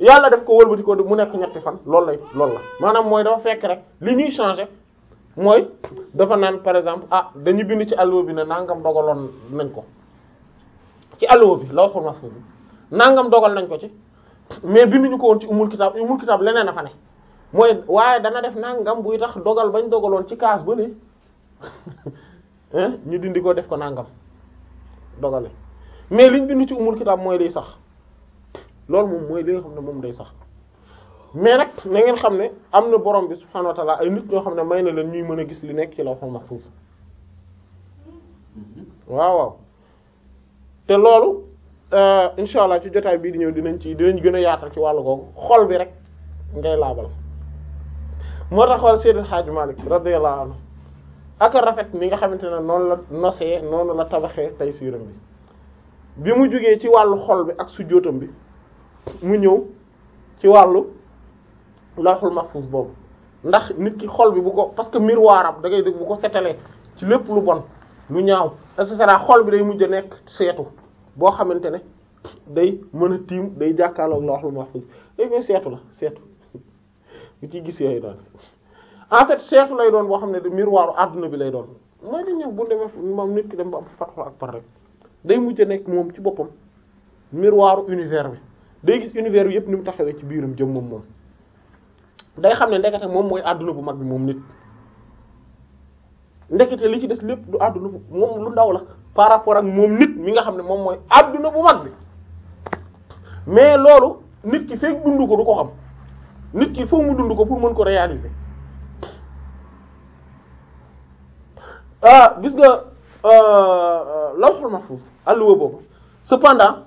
yàlla def ko wëlbati ko mu nekk ñetti fan loolu lay loolu la maanaam mooy dafa fekk rek li ñuy changer mooy dafa naan par exemple ah dañu bind ci alluwa bi ne nangam dogaloon nañ ko ci alluwa bi la waxul ma nangam dogal nañ ko ci mais binduñu ko woon ci umul kitaab umul kitaab leneen a fa ne mooy waaye dana def nangam buy tax dogal bañ dogaloon ci kaas ba ne ñu dindi ko def ko nangam dogale mais liñ bind ci umul kitaab mooy liy sax loolu moom mooy li nga xam ne moom day sax mais nag na ngeen xam ne am na borom bi ay nit ñoo xam ne may na leen ñuy mën a gis li nekk ci lawhul mahfuz waaw waaw te loolu euh, incha ci jotaay bii di ñëw dinañ ci dinañ gën a yaatal ci wàllu googu xol bi rek ngay laabal moo tax xool Seydil Hadji Malick radiyallahu anhu ak rafet ni nga xamante ne noonu la nosee noonu la tabaxee tay siiram bi bi mu jógee ci wàllu xol bi ak sujjóotam bi mu ñëw ci wàllu max mahfuz boobu ndax nit ki xol bi bu ko parce que miroir am da ngay dégg bu ko setalee ci lépp lu bon lu ñaaw et cetera xol bi day mujj a nekk seetu boo xamante ne day mën a tiim day jàkkaarloog lawhul mahfuz day eh, koy seetu la seetu bi ci gis yooyu daal en fait chef lay doon boo xam ne de miroiru àdduna bi lay doon mooy li ñëw bu demee moom nit dem ba am fatxul ak par rek day mujj nekk moom ci boppam miroiru univers bi day gis univers bi yëpp ni mu taxewee ci biiram jëm moom day xam ne ndekete moom mooy àdduna bu mag bi moom nit ndekete li ci des lépp du àdduna lu ndaw la par rapport ak moom nit mi nga xam ne moom mooy àdduna bu mag bi mais loolu nit ki fekk dund ko du ko xam nit ki foo mu dund ko pour mën ko réaliser ah gis nga euh, lawhul mahfuz alluwa boobu cependant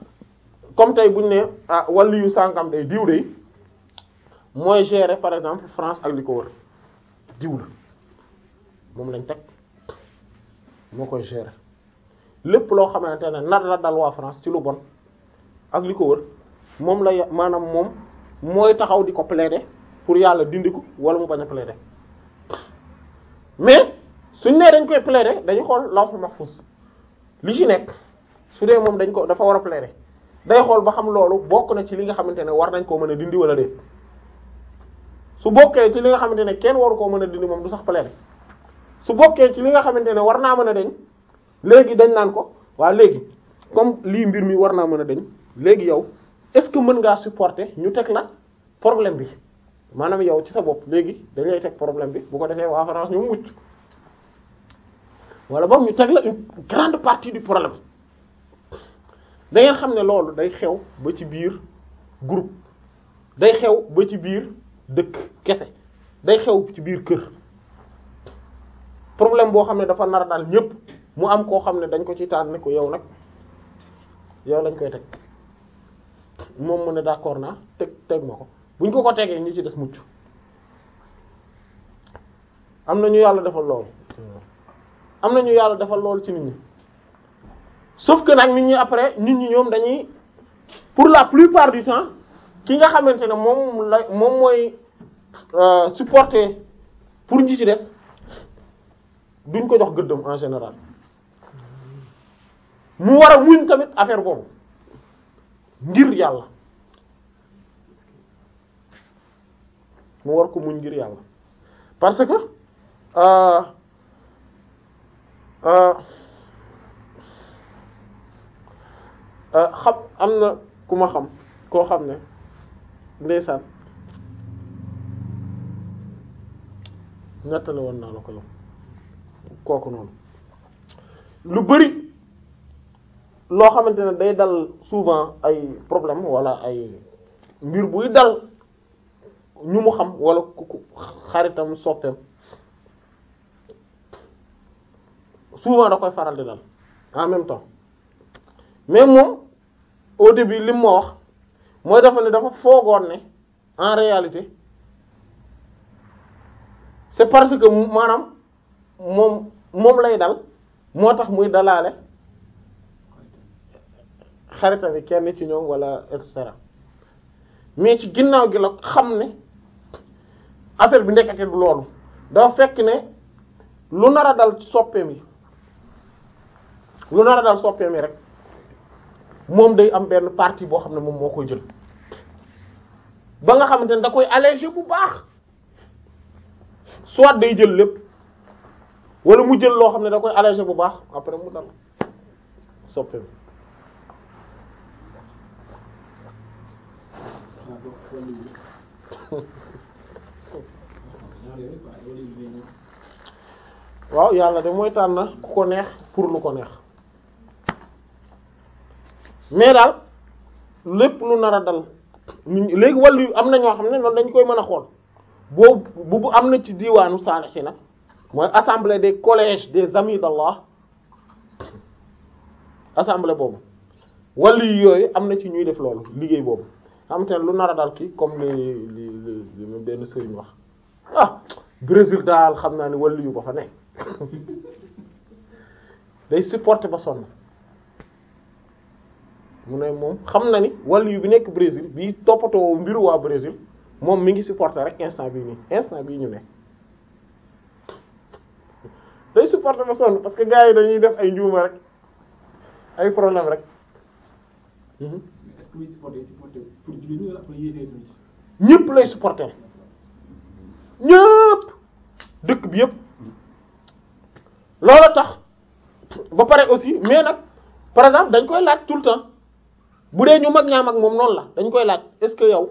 comme tey buñu ne ah wàllu yu sànkam day diw de mooy gérer par exemple France ak li ko wër diw moom lañ teg moo koy gérer lépp loo xamante ne nar la dal waa France ci lu bon ak li ko wër moom la maanaam moom mooy taxaw di ko plaider pour yàlla dindi ko wala mu bañ a plaider mais suñ nee dañ koy plaider dañu xool lawhul mahfuz li ci nekk su dee moom dañ ko dafa war a plaider day xool ba xam loolu bokk na ci li nga xamante ne war nañ koo mën a dindi wala déet su bokkee ci li nga xamante ne kenn waru koo mën a dindi moom du sax plaider su bokkee ci li nga xamante ne war naa mën a deñ léegi dañ naan ko waa léegi comme lii mbir mi war naa mën a deñ léegi yow est-ce que mën ngaa supporter ñu teg la problème bi maanaam yow ci sa bopp léegi dañ teg problème bi bu ko defee waa France ñu mucc wala boog ñu teg la une grande partie du problème da xam ne loolu day xew ba ci biir groupe day xew ba ci biir dëkk kese day xew ci biir kër problème boo xam ne dafa nar daal ñépp mu am koo xam ne dañ ko ci tànn ne ko yow nag yow lañ koy teg. moom mu ne d'accord naa teg teg ma ko bu ñu ko ko tegee ñu ci des mucc am na ñu yàlla defal loolu am na ñu yàlla defal loolu ci nit ñi sauf que nag nit ñi après nit ñi ñoom dañuy pour la plupart du temps ki nga xamante ne moom la moom mooy euh, supporter pour ñu ci des duñ ko jox gëddam en général mu war a muñ tamit affaire kooku ngir yàlla mu war ko mu ngir yàlla parce que euh, euh, euh, xam am na ku ma xam koo xam ne ndeysaan nettali woon naa la ko kooku noonu lu bari loo xamante ne day dal souvent ay problème wala ay mbir buy dal ñu mu xam wala ku xaritam soppeem souvent da koy faral di dal en même temps mais moom au début li mu ma wax moo dafa dafa foogoon ne en réalité c'est parce que maanaam moom moom lay dal moo tax muy dalaale xarit avec kenn ci ñoom wala et mais ci ginnaaw gi la xam ne affaire bi ndekkate du loolu dafa fekk ne lu nar a dal soppeem yi lu nar a dal soppeem yi rek moom day am benn partie boo xam ne moom moo ko jël ba nga xam ne da koy alléger bu baax soit day jël lépp wala mu jël loo xam ne da koy alléger bu baax après mu dal soppeem [laughs] waaw yàlla de mooy tànn ku ko neex pour lu ko neex mais daal lépp lu nar a dal léegi léegi wàllu am na ñoo xam ne noonu dañ koy mën a xool boobu bu am na ci diwaanu nag mooy assemblée des collèges des amis d'Allah assemblée boobu wàllu yooyu am na ci ñuy def loolu liggéey boobu. xam te lu nar a dal kii comme li li li mu benn sëriñ wax ah Brésil daal xam naa ni wàllu yu ba fa nekk day supporter ba sonn mu ne moom xam na ni wàllu yu bi nekk Brésil bi toppatoo mbiru waa Brésil moom mi ngi supporter rek instant bi nii instant bii ñu ne day supporter ba sonn parce que gars yi dañuy def ay njuuma rek ay problème rek. Mhm. kuy supporter supporter pour jullit ñi wala pour yéefee tamit. ñëpp lay supporter ñëpp dëkk bi yëpp loola tax ba pare aussi mais nag par exemple dañ koy laaj tout le temps bu dee ñu mag ñaam ak moom noonu la dañ koy laaj est-ce que yow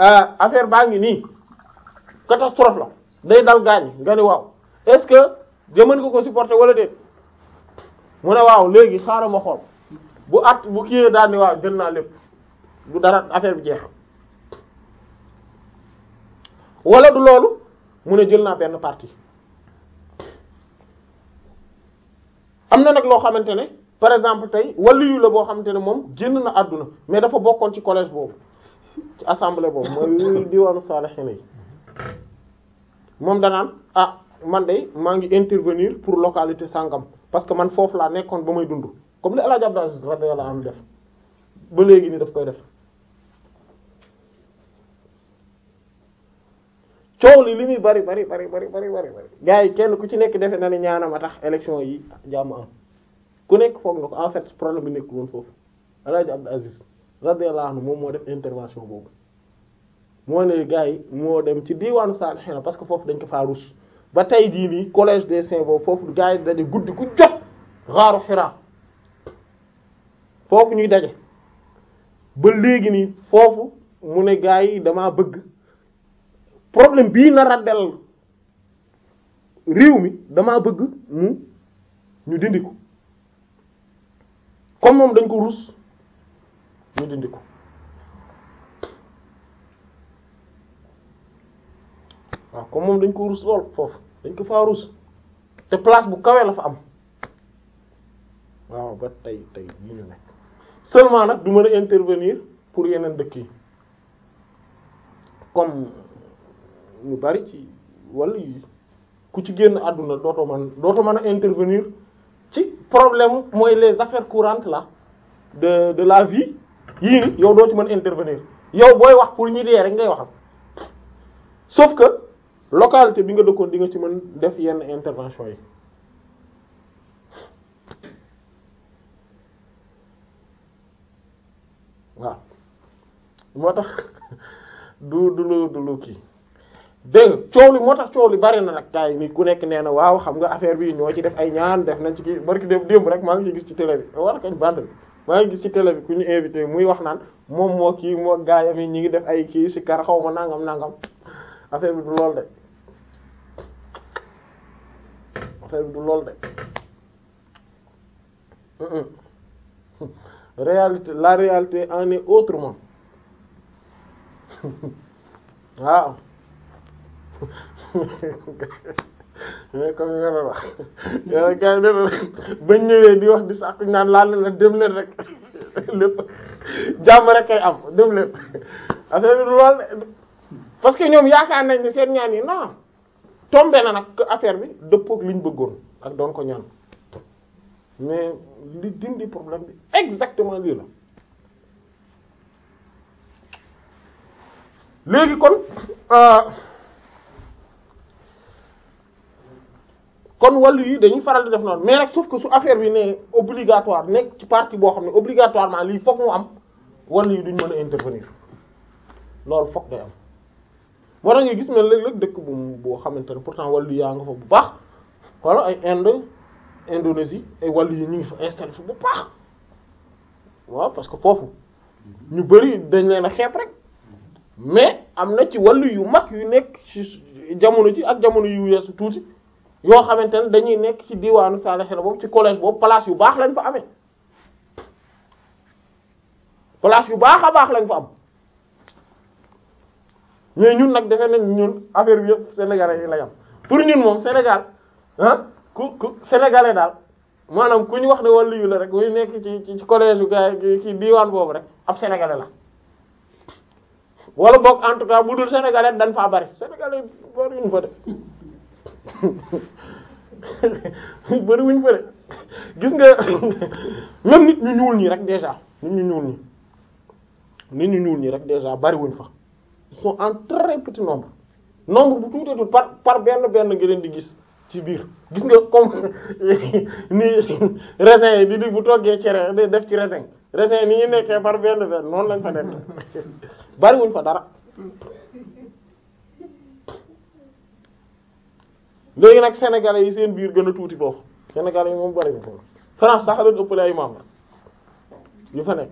euh, affaire baa ngi nii catastrophe la day dal gaañ nga ni waaw est-ce que jamono nga ko supporter wala déet mu ne waaw léegi xaaral ma xool bu at bu kii yee daal ni waaw jël naa lépp. du dara affaire bi jeex wala du loolu mu ne jël naa benn parti am na nag loo xamante ne par exemple tey waliyu la boo xamante ne moom génn na àdduna mais dafa bokkoon ci collège boobu ci assemblée boobu mooy [laughs] diwaanu saalihiin yi moom danaan ah man de maa ngi intervenir pour localité sangam parce que man foofu laa nekkoon ba may dund comme li El Hadj Abdou Aziz radiyallahu anhu def ba léegi nii daf koy def coow li li bari bari bari bari bari bari bari gars yi kenn ku ci nekk defe na ne ñaanam a tax élection yi jàmm am ku nekk foog na ko en fait problème bi nekk woon foofu Alaaji Abdou Aziz radiyallahu anhu moom moo def intervention boobu moo ne gars yi moo dem ci diwaanu Saalihiina parce que foofu dañ ko faa rus ba tey jii nii collège des saints boobu foofu gars yi daje guddi ku jot xaaru Hira foofu ñuy daje ba léegi nii foofu mu ne gars yi damaa bëgg problème bii na raddel réew mi damaa bëgg mu ñu dindi ko comme moom dañ ko ruus ñu dindi ko waaw comme moom dañ ko ruus lool foofu dañ ko faa ruus te place bu kawe la fa am waaw ba tey tey ñu nekk seulement nag du mën intervenir pour yeneen dëkk yi comme ñu bari ci wàll yi ku ci génn àdduna dootoo mën dootoo mën a intervenir ci problème mooy les affaires courantes la de de la vie yii ni yow dootu ci a intervenir yow booy wax pour ñi dee rek ngay waxal sauf que localité bi nga dëkkoon di nga ci mën def yenn intervention yi waaw moo tax [laughs] du du lu du lu kii dégg nga coow li moo tax coow li bari na nag gars yi ku nekk nee na waaw xam nga affaire bi ñoo ci def ay ñaan def nañ ci kii barki démb démb rek maa ngi gis ci télé bi war kañ maa ngi gis ci télé bi ku ñu invité muy wax naan moom moo kii moo gars yi ñi ngi def ay kii si kar xaw ma nangam nangam affaire bi du lool de affaire bi du lool de réalité la réalité en est autrement [laughs] waaw mais comme li nga doon wax yàlla gars ñëwee di wax di sàq naan laal na dem leen rek lépp jàmm rek kay am dem leen affaire bi lool parce que ñoom yaakaar nañ ne seen ñaan yi non tombé na nag affaire bi dëppook liñ bëggoon ak doon ko ñaan mais li dindi problème bi exactement lii la. léegi kon. Euh, kon wàllu yi dañuy faral di def noonu mais nag sauf ko su affaire bi ne obligatoire nekk ci partie boo xam ne obligatoirement lii fokk mu am wàllu yi duñ mën a intervenir loolu fokk day am moo tax nga gis ne léeg-léeg dëkk bu boo xamante ne pourtant wàllu yaa nga fa bu baax wala ay Inde Indonésie ay wàllu yi ñu ngi fa installé fa bu baax waaw parce que foofu ñu bari dañ leen a xeeb rek mais am na ci wàllu yu mag yu nekk ci jamono ji ak jamono yu weesu tuuti yoo xamante ne dañuy nekk ci diwaanu Salihina boobu ci collège boobu place yu baax lañ fa amee place yu baax a baax lañ fa am mais ñun nag defe ne ñun affaire bi yëpp sénégalais yi la yam pour ñun moom Sénégal ah ku ku sénégalais daal maanaam ku ñu wax ne wàllu yu la rek muy nekk ci ci collège yu gars yi ci diwaan boobu rek ab sénégalais la. wala boog en tout bu dul sénégalais dañ faa bari sénégalais bari ñu fa def. [laughs] bariwuñ fa de gis nga même nit ñu ñuul ñi rek déjà nit ñu ñuul ñi nit ñu ñuul ñi rek déjà bëri wuñ fa ils sont en très petit nombre nombre bu tuuteetul par par benn benn nga leen di gis ci biir gis nga comme [laughs] ni raisin yi di di bu toggee cere day def ci raisin raisin ni ñu nekkee par benn benn noonu lañ fa nekk bëri fa dara léegi nag sénégalais yi seen biir gën a tuuti foofu sénégalais yi moom bari na foofu France sax leen ëppale ay membres yu fa nekk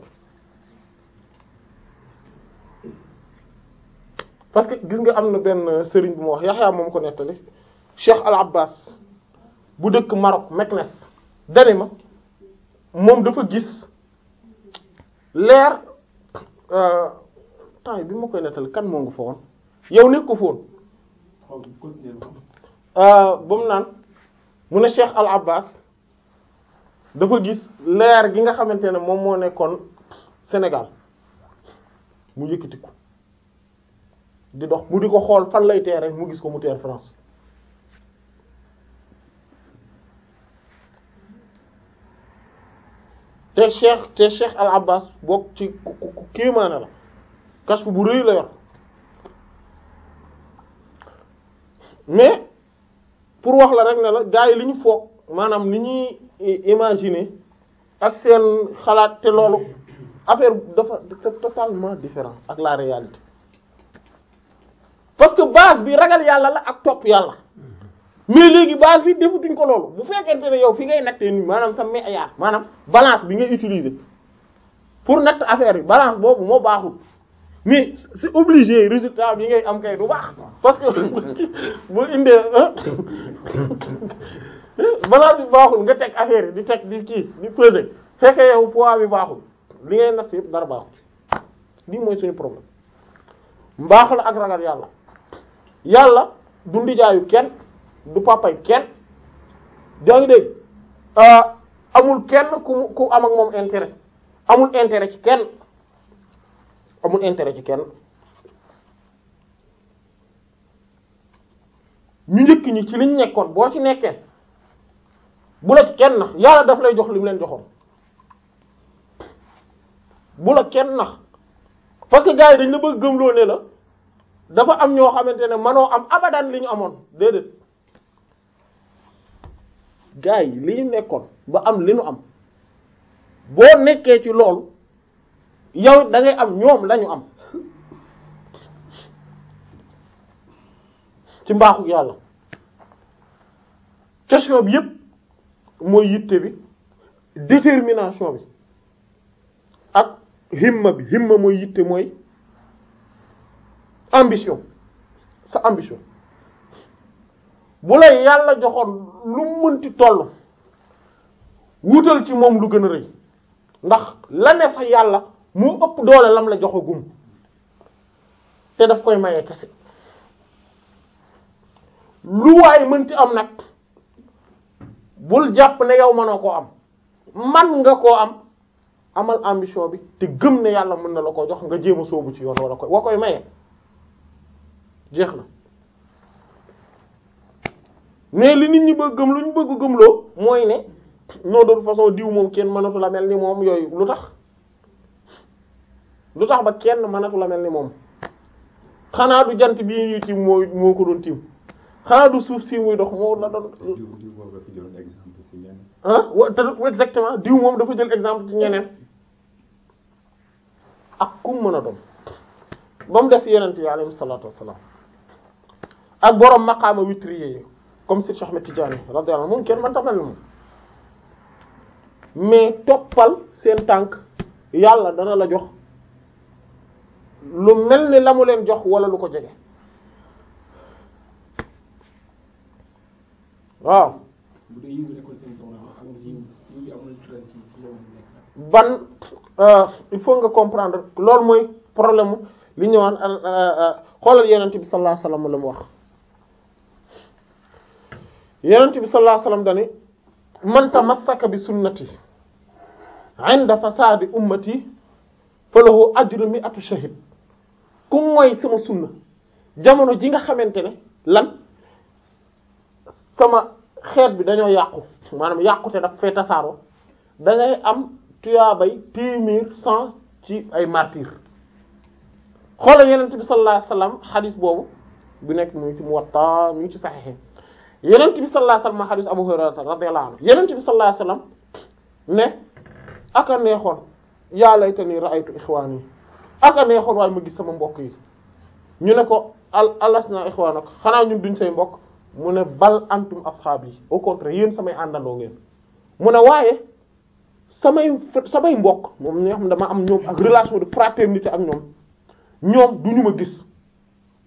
parce que gis nga am na benn sëriñ bu ma wax Yaxya moom ko nettali Cheikh Al Abbas bu dëkk Maroc Meknes dane ma moom dafa gis leer euh, temps bi ma koy nettali kan moo ngi fa woon yow nekk ko foon Euh, ba mu naan mu ne Cheikh Al Abbas dafa gis leer gi nga xamante ne moom moo nekkoon Sénégal mu yëkkatiku di dox mu di ko xool fan lay teer rek mu gis ko mu teer France te Cheikh te Cheikh Al Abbas bokk ci ku kéemaane la kashfu bu rëy la yor mais pour wax la rek na la gars yi li ñu foog maanaam li ñuy imaginer ak seen xalaat te loolu affaire dafa c'est totalement différent ak la réalité parce que base bi ragal yàlla la ak topp yàlla mais léegi base bi defutuñ ko loolu bu fekkente ne yow fi ngay nattee nii maanaam sa meyaar maanaam balance bi ngay utiliser pour natt affaire yi balance boobu moo baaxul mais si obligé résultat bi ngay am kay du baax parce que bu indee balaa bi baaxul nga teg affaire di teg di ci di peser fekkee yow poids bi baaxul li ngay natt yëpp dara baaxul lii mooy suñu problème mbaax la ak ragal yàlla yàlla du ndijaayu kenn du papay kenn daa ngi ah, amul kenn ku ku am ak moom intérêt amul intérêt ci kenn amul intérêt ci kenn ñu njëkk ñi ci liñ nekkoon boo ci nekkee bu la ci kenn nax yàlla daf lay jox li mu leen joxoon bu la kenn nax parce que gars yi dañ la bëgg gëmloo ne la dafa am ñoo xamante ne manoo am abadan li ñu amoon déedéet gars yi li ñu nekkoon ba am li ñu am boo nekkee ci loolu yow da ngay am ñoom lañu am ci mbaaxu yàlla question bi yépp mooy yitte bi détermination bi ak himma bi himma mooy yitte mooy ambition sa ambition bu la yàlla joxoon lu mënti toll wutal ci moom lu gën a rëy ndax la ne fa yàlla mu ëpp doole lam la joxagum te daf koy maye kese lu waay mënti am nag bul jàpp ne yow mënoo koo am man nga koo am amal ambition bi te gëm ne yàlla mën na la ko jox nga jéema a ci yoon wala koy wa koy maye jeex na mais li nit ñi bëgg gëm lu ñu bëgg gëmloo mooy ne non de façon diw moom kenn mënatu la mel ni moom yooyu lu tax. lu tax ba kenn mënatu la mel ni moom xanaa du jant bii ñuy tiim moo moo ko doon tiim xanaa du suuf si muy dox moo la doon. diw moom dafa jël exemple ci ñeneen ak kum mën a doon ba mu def yeneen yi alayhi salaatu wassalaam ak borom maqaama witriye yi comme si Cheikh Ahmed Tidiane radiyallahu anhu moom kenn mën ta mel ni moom mais toppal seen tànk yàlla dana la jox. lu mel ni la mu leen jox wala lu ko jege waaw ban euh, il faut nga comprendre lool mooy problème mu li ñëwaan euh, euh, xoolal yonent bi sallallahu alayhi wasallam la mu wax yonent bi sallallahu alayhi dani man tamassaka bi sunnati inda fasadi ummati falahu ajru mi'atu shahid ku mooy sama sunna jamono ji nga xamante ne lan sama xeet bi dañoo yàqu maanaam yàqute daf fee tasaaroo da ngay am tuyaabay téeméer cent ci ay martyr xoolal yenent bi sallallahu alayhi wasallam xadis boobu bu nekk mu ngi ci Muwatta mu ngi ci Sahih yenent bi sallallahu alayhi wasallam xadis Abu Hurayra radiyallahu anhu yenent bi sallallahu alayhi wasallam ne aka neexoon yaa laytani ra'aytu ikhwani ak a neexoon waaye ma gis sama mbokk yi ñu ne ko al alasna ikhwanak xanaa ñun duñ say mbokk mu ne bal antum asxaab yi yéen samay àndandoo ngeen mu ne waaye samay samay mbokk moom ñoo xam dama am ñoom ak relation de fraternité ak ñoom ñoom duñu ma gis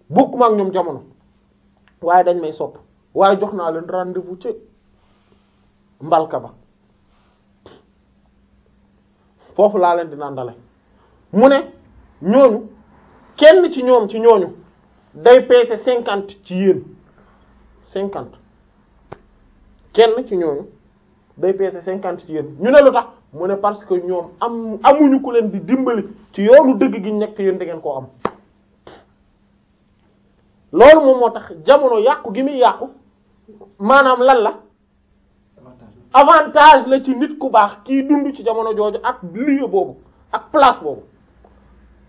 bokkuma ak ñoom jamono waaye dañ may sopp waaye jox naa leen rendez-vous ci mbalka ba foofu laa leen di nandale mu ne ñooñu kenn ci ñoom ci ñooñu day peese cinquante ci yéen cinquante kenn ci ñooñu day peese cinquante ci yéen ñu ne lu tax mu ne parce que ñoom am amuñu ko leen di dimbali ci yoonu dëgg gi nekk yéen da ngeen koo am loolu moom moo tax jamono yàqu gi muy yàqu maanaam lan la avantage la ci nit ku baax kiy dund ci jamono jooju ak lieu boobu ak place boobu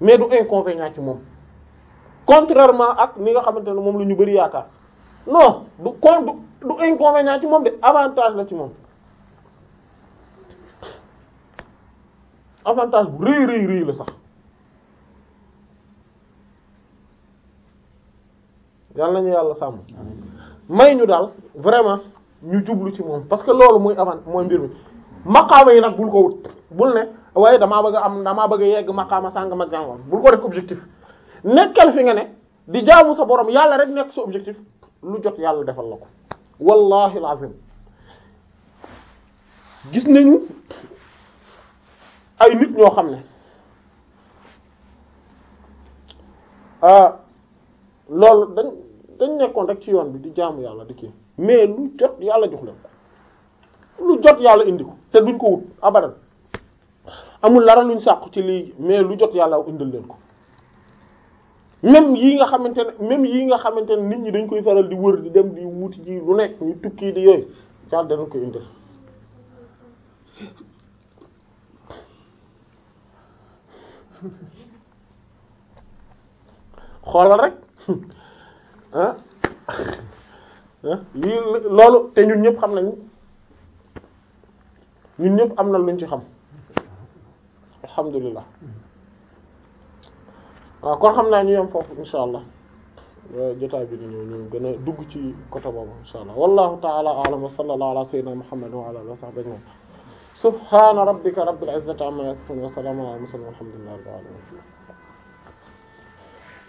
mais du inconvénient ci moom contrairement ak ni nga xamante ne moom la ñu bari yaakaar non du con du inconvénient ci moom de avantage la ci moom avantage bu rëy rëy rëy la sax yàlla nañu yàlla sàmm may ñu daal vraiment ñu jublu ci moom parce que loolu mooy avant mooy mbir mi maqaama yi nag bul ko wut bul ne waaye damaa bëgg a am damaa bëgg a yegg maqaama sàngam ak sàngam bul ko def objectif nekkal fi nga ne di jaamu sa borom yàlla rek nekk sa objectif lu jot yàlla defal la ko wallahi alazim gis nañu ay nit ñoo xam ne ah, loolu dañ dañ nekkoon rek ci yoon bi di jaamu yàlla di kii mais lu jot yàlla jox leen ko lu jot yàlla indi ko te duñ ko wut abadan amul lara luñ sàkku ci lii mais lu jot yàlla indil leen ko même yii nga xamante ne même yii nga xamante ne nit ñi dañ koy faral di wër di dem di wuti ji lu nekk ñu tukki di yooyu yàlla dana ko indil xoolal rek [laughs] ah, ah. loolu te ñun ñëpp xam nañu ñun ñëpp am na luñ ci xam alhamdulilah waaw kon xam naa ñu yem foofu insha allah jotaay bi ni ñëw ñu gën a dugg ci côté boobu insha allah wallahu ta'ala a'lam wa sallallahu ala sayyidina muhammad wa ala alihi wa sahbihi ajma'in subhana rabbika rabbil izzati amma yasifun wa salamun ala al mursalin walhamdulillahi rabbil alamin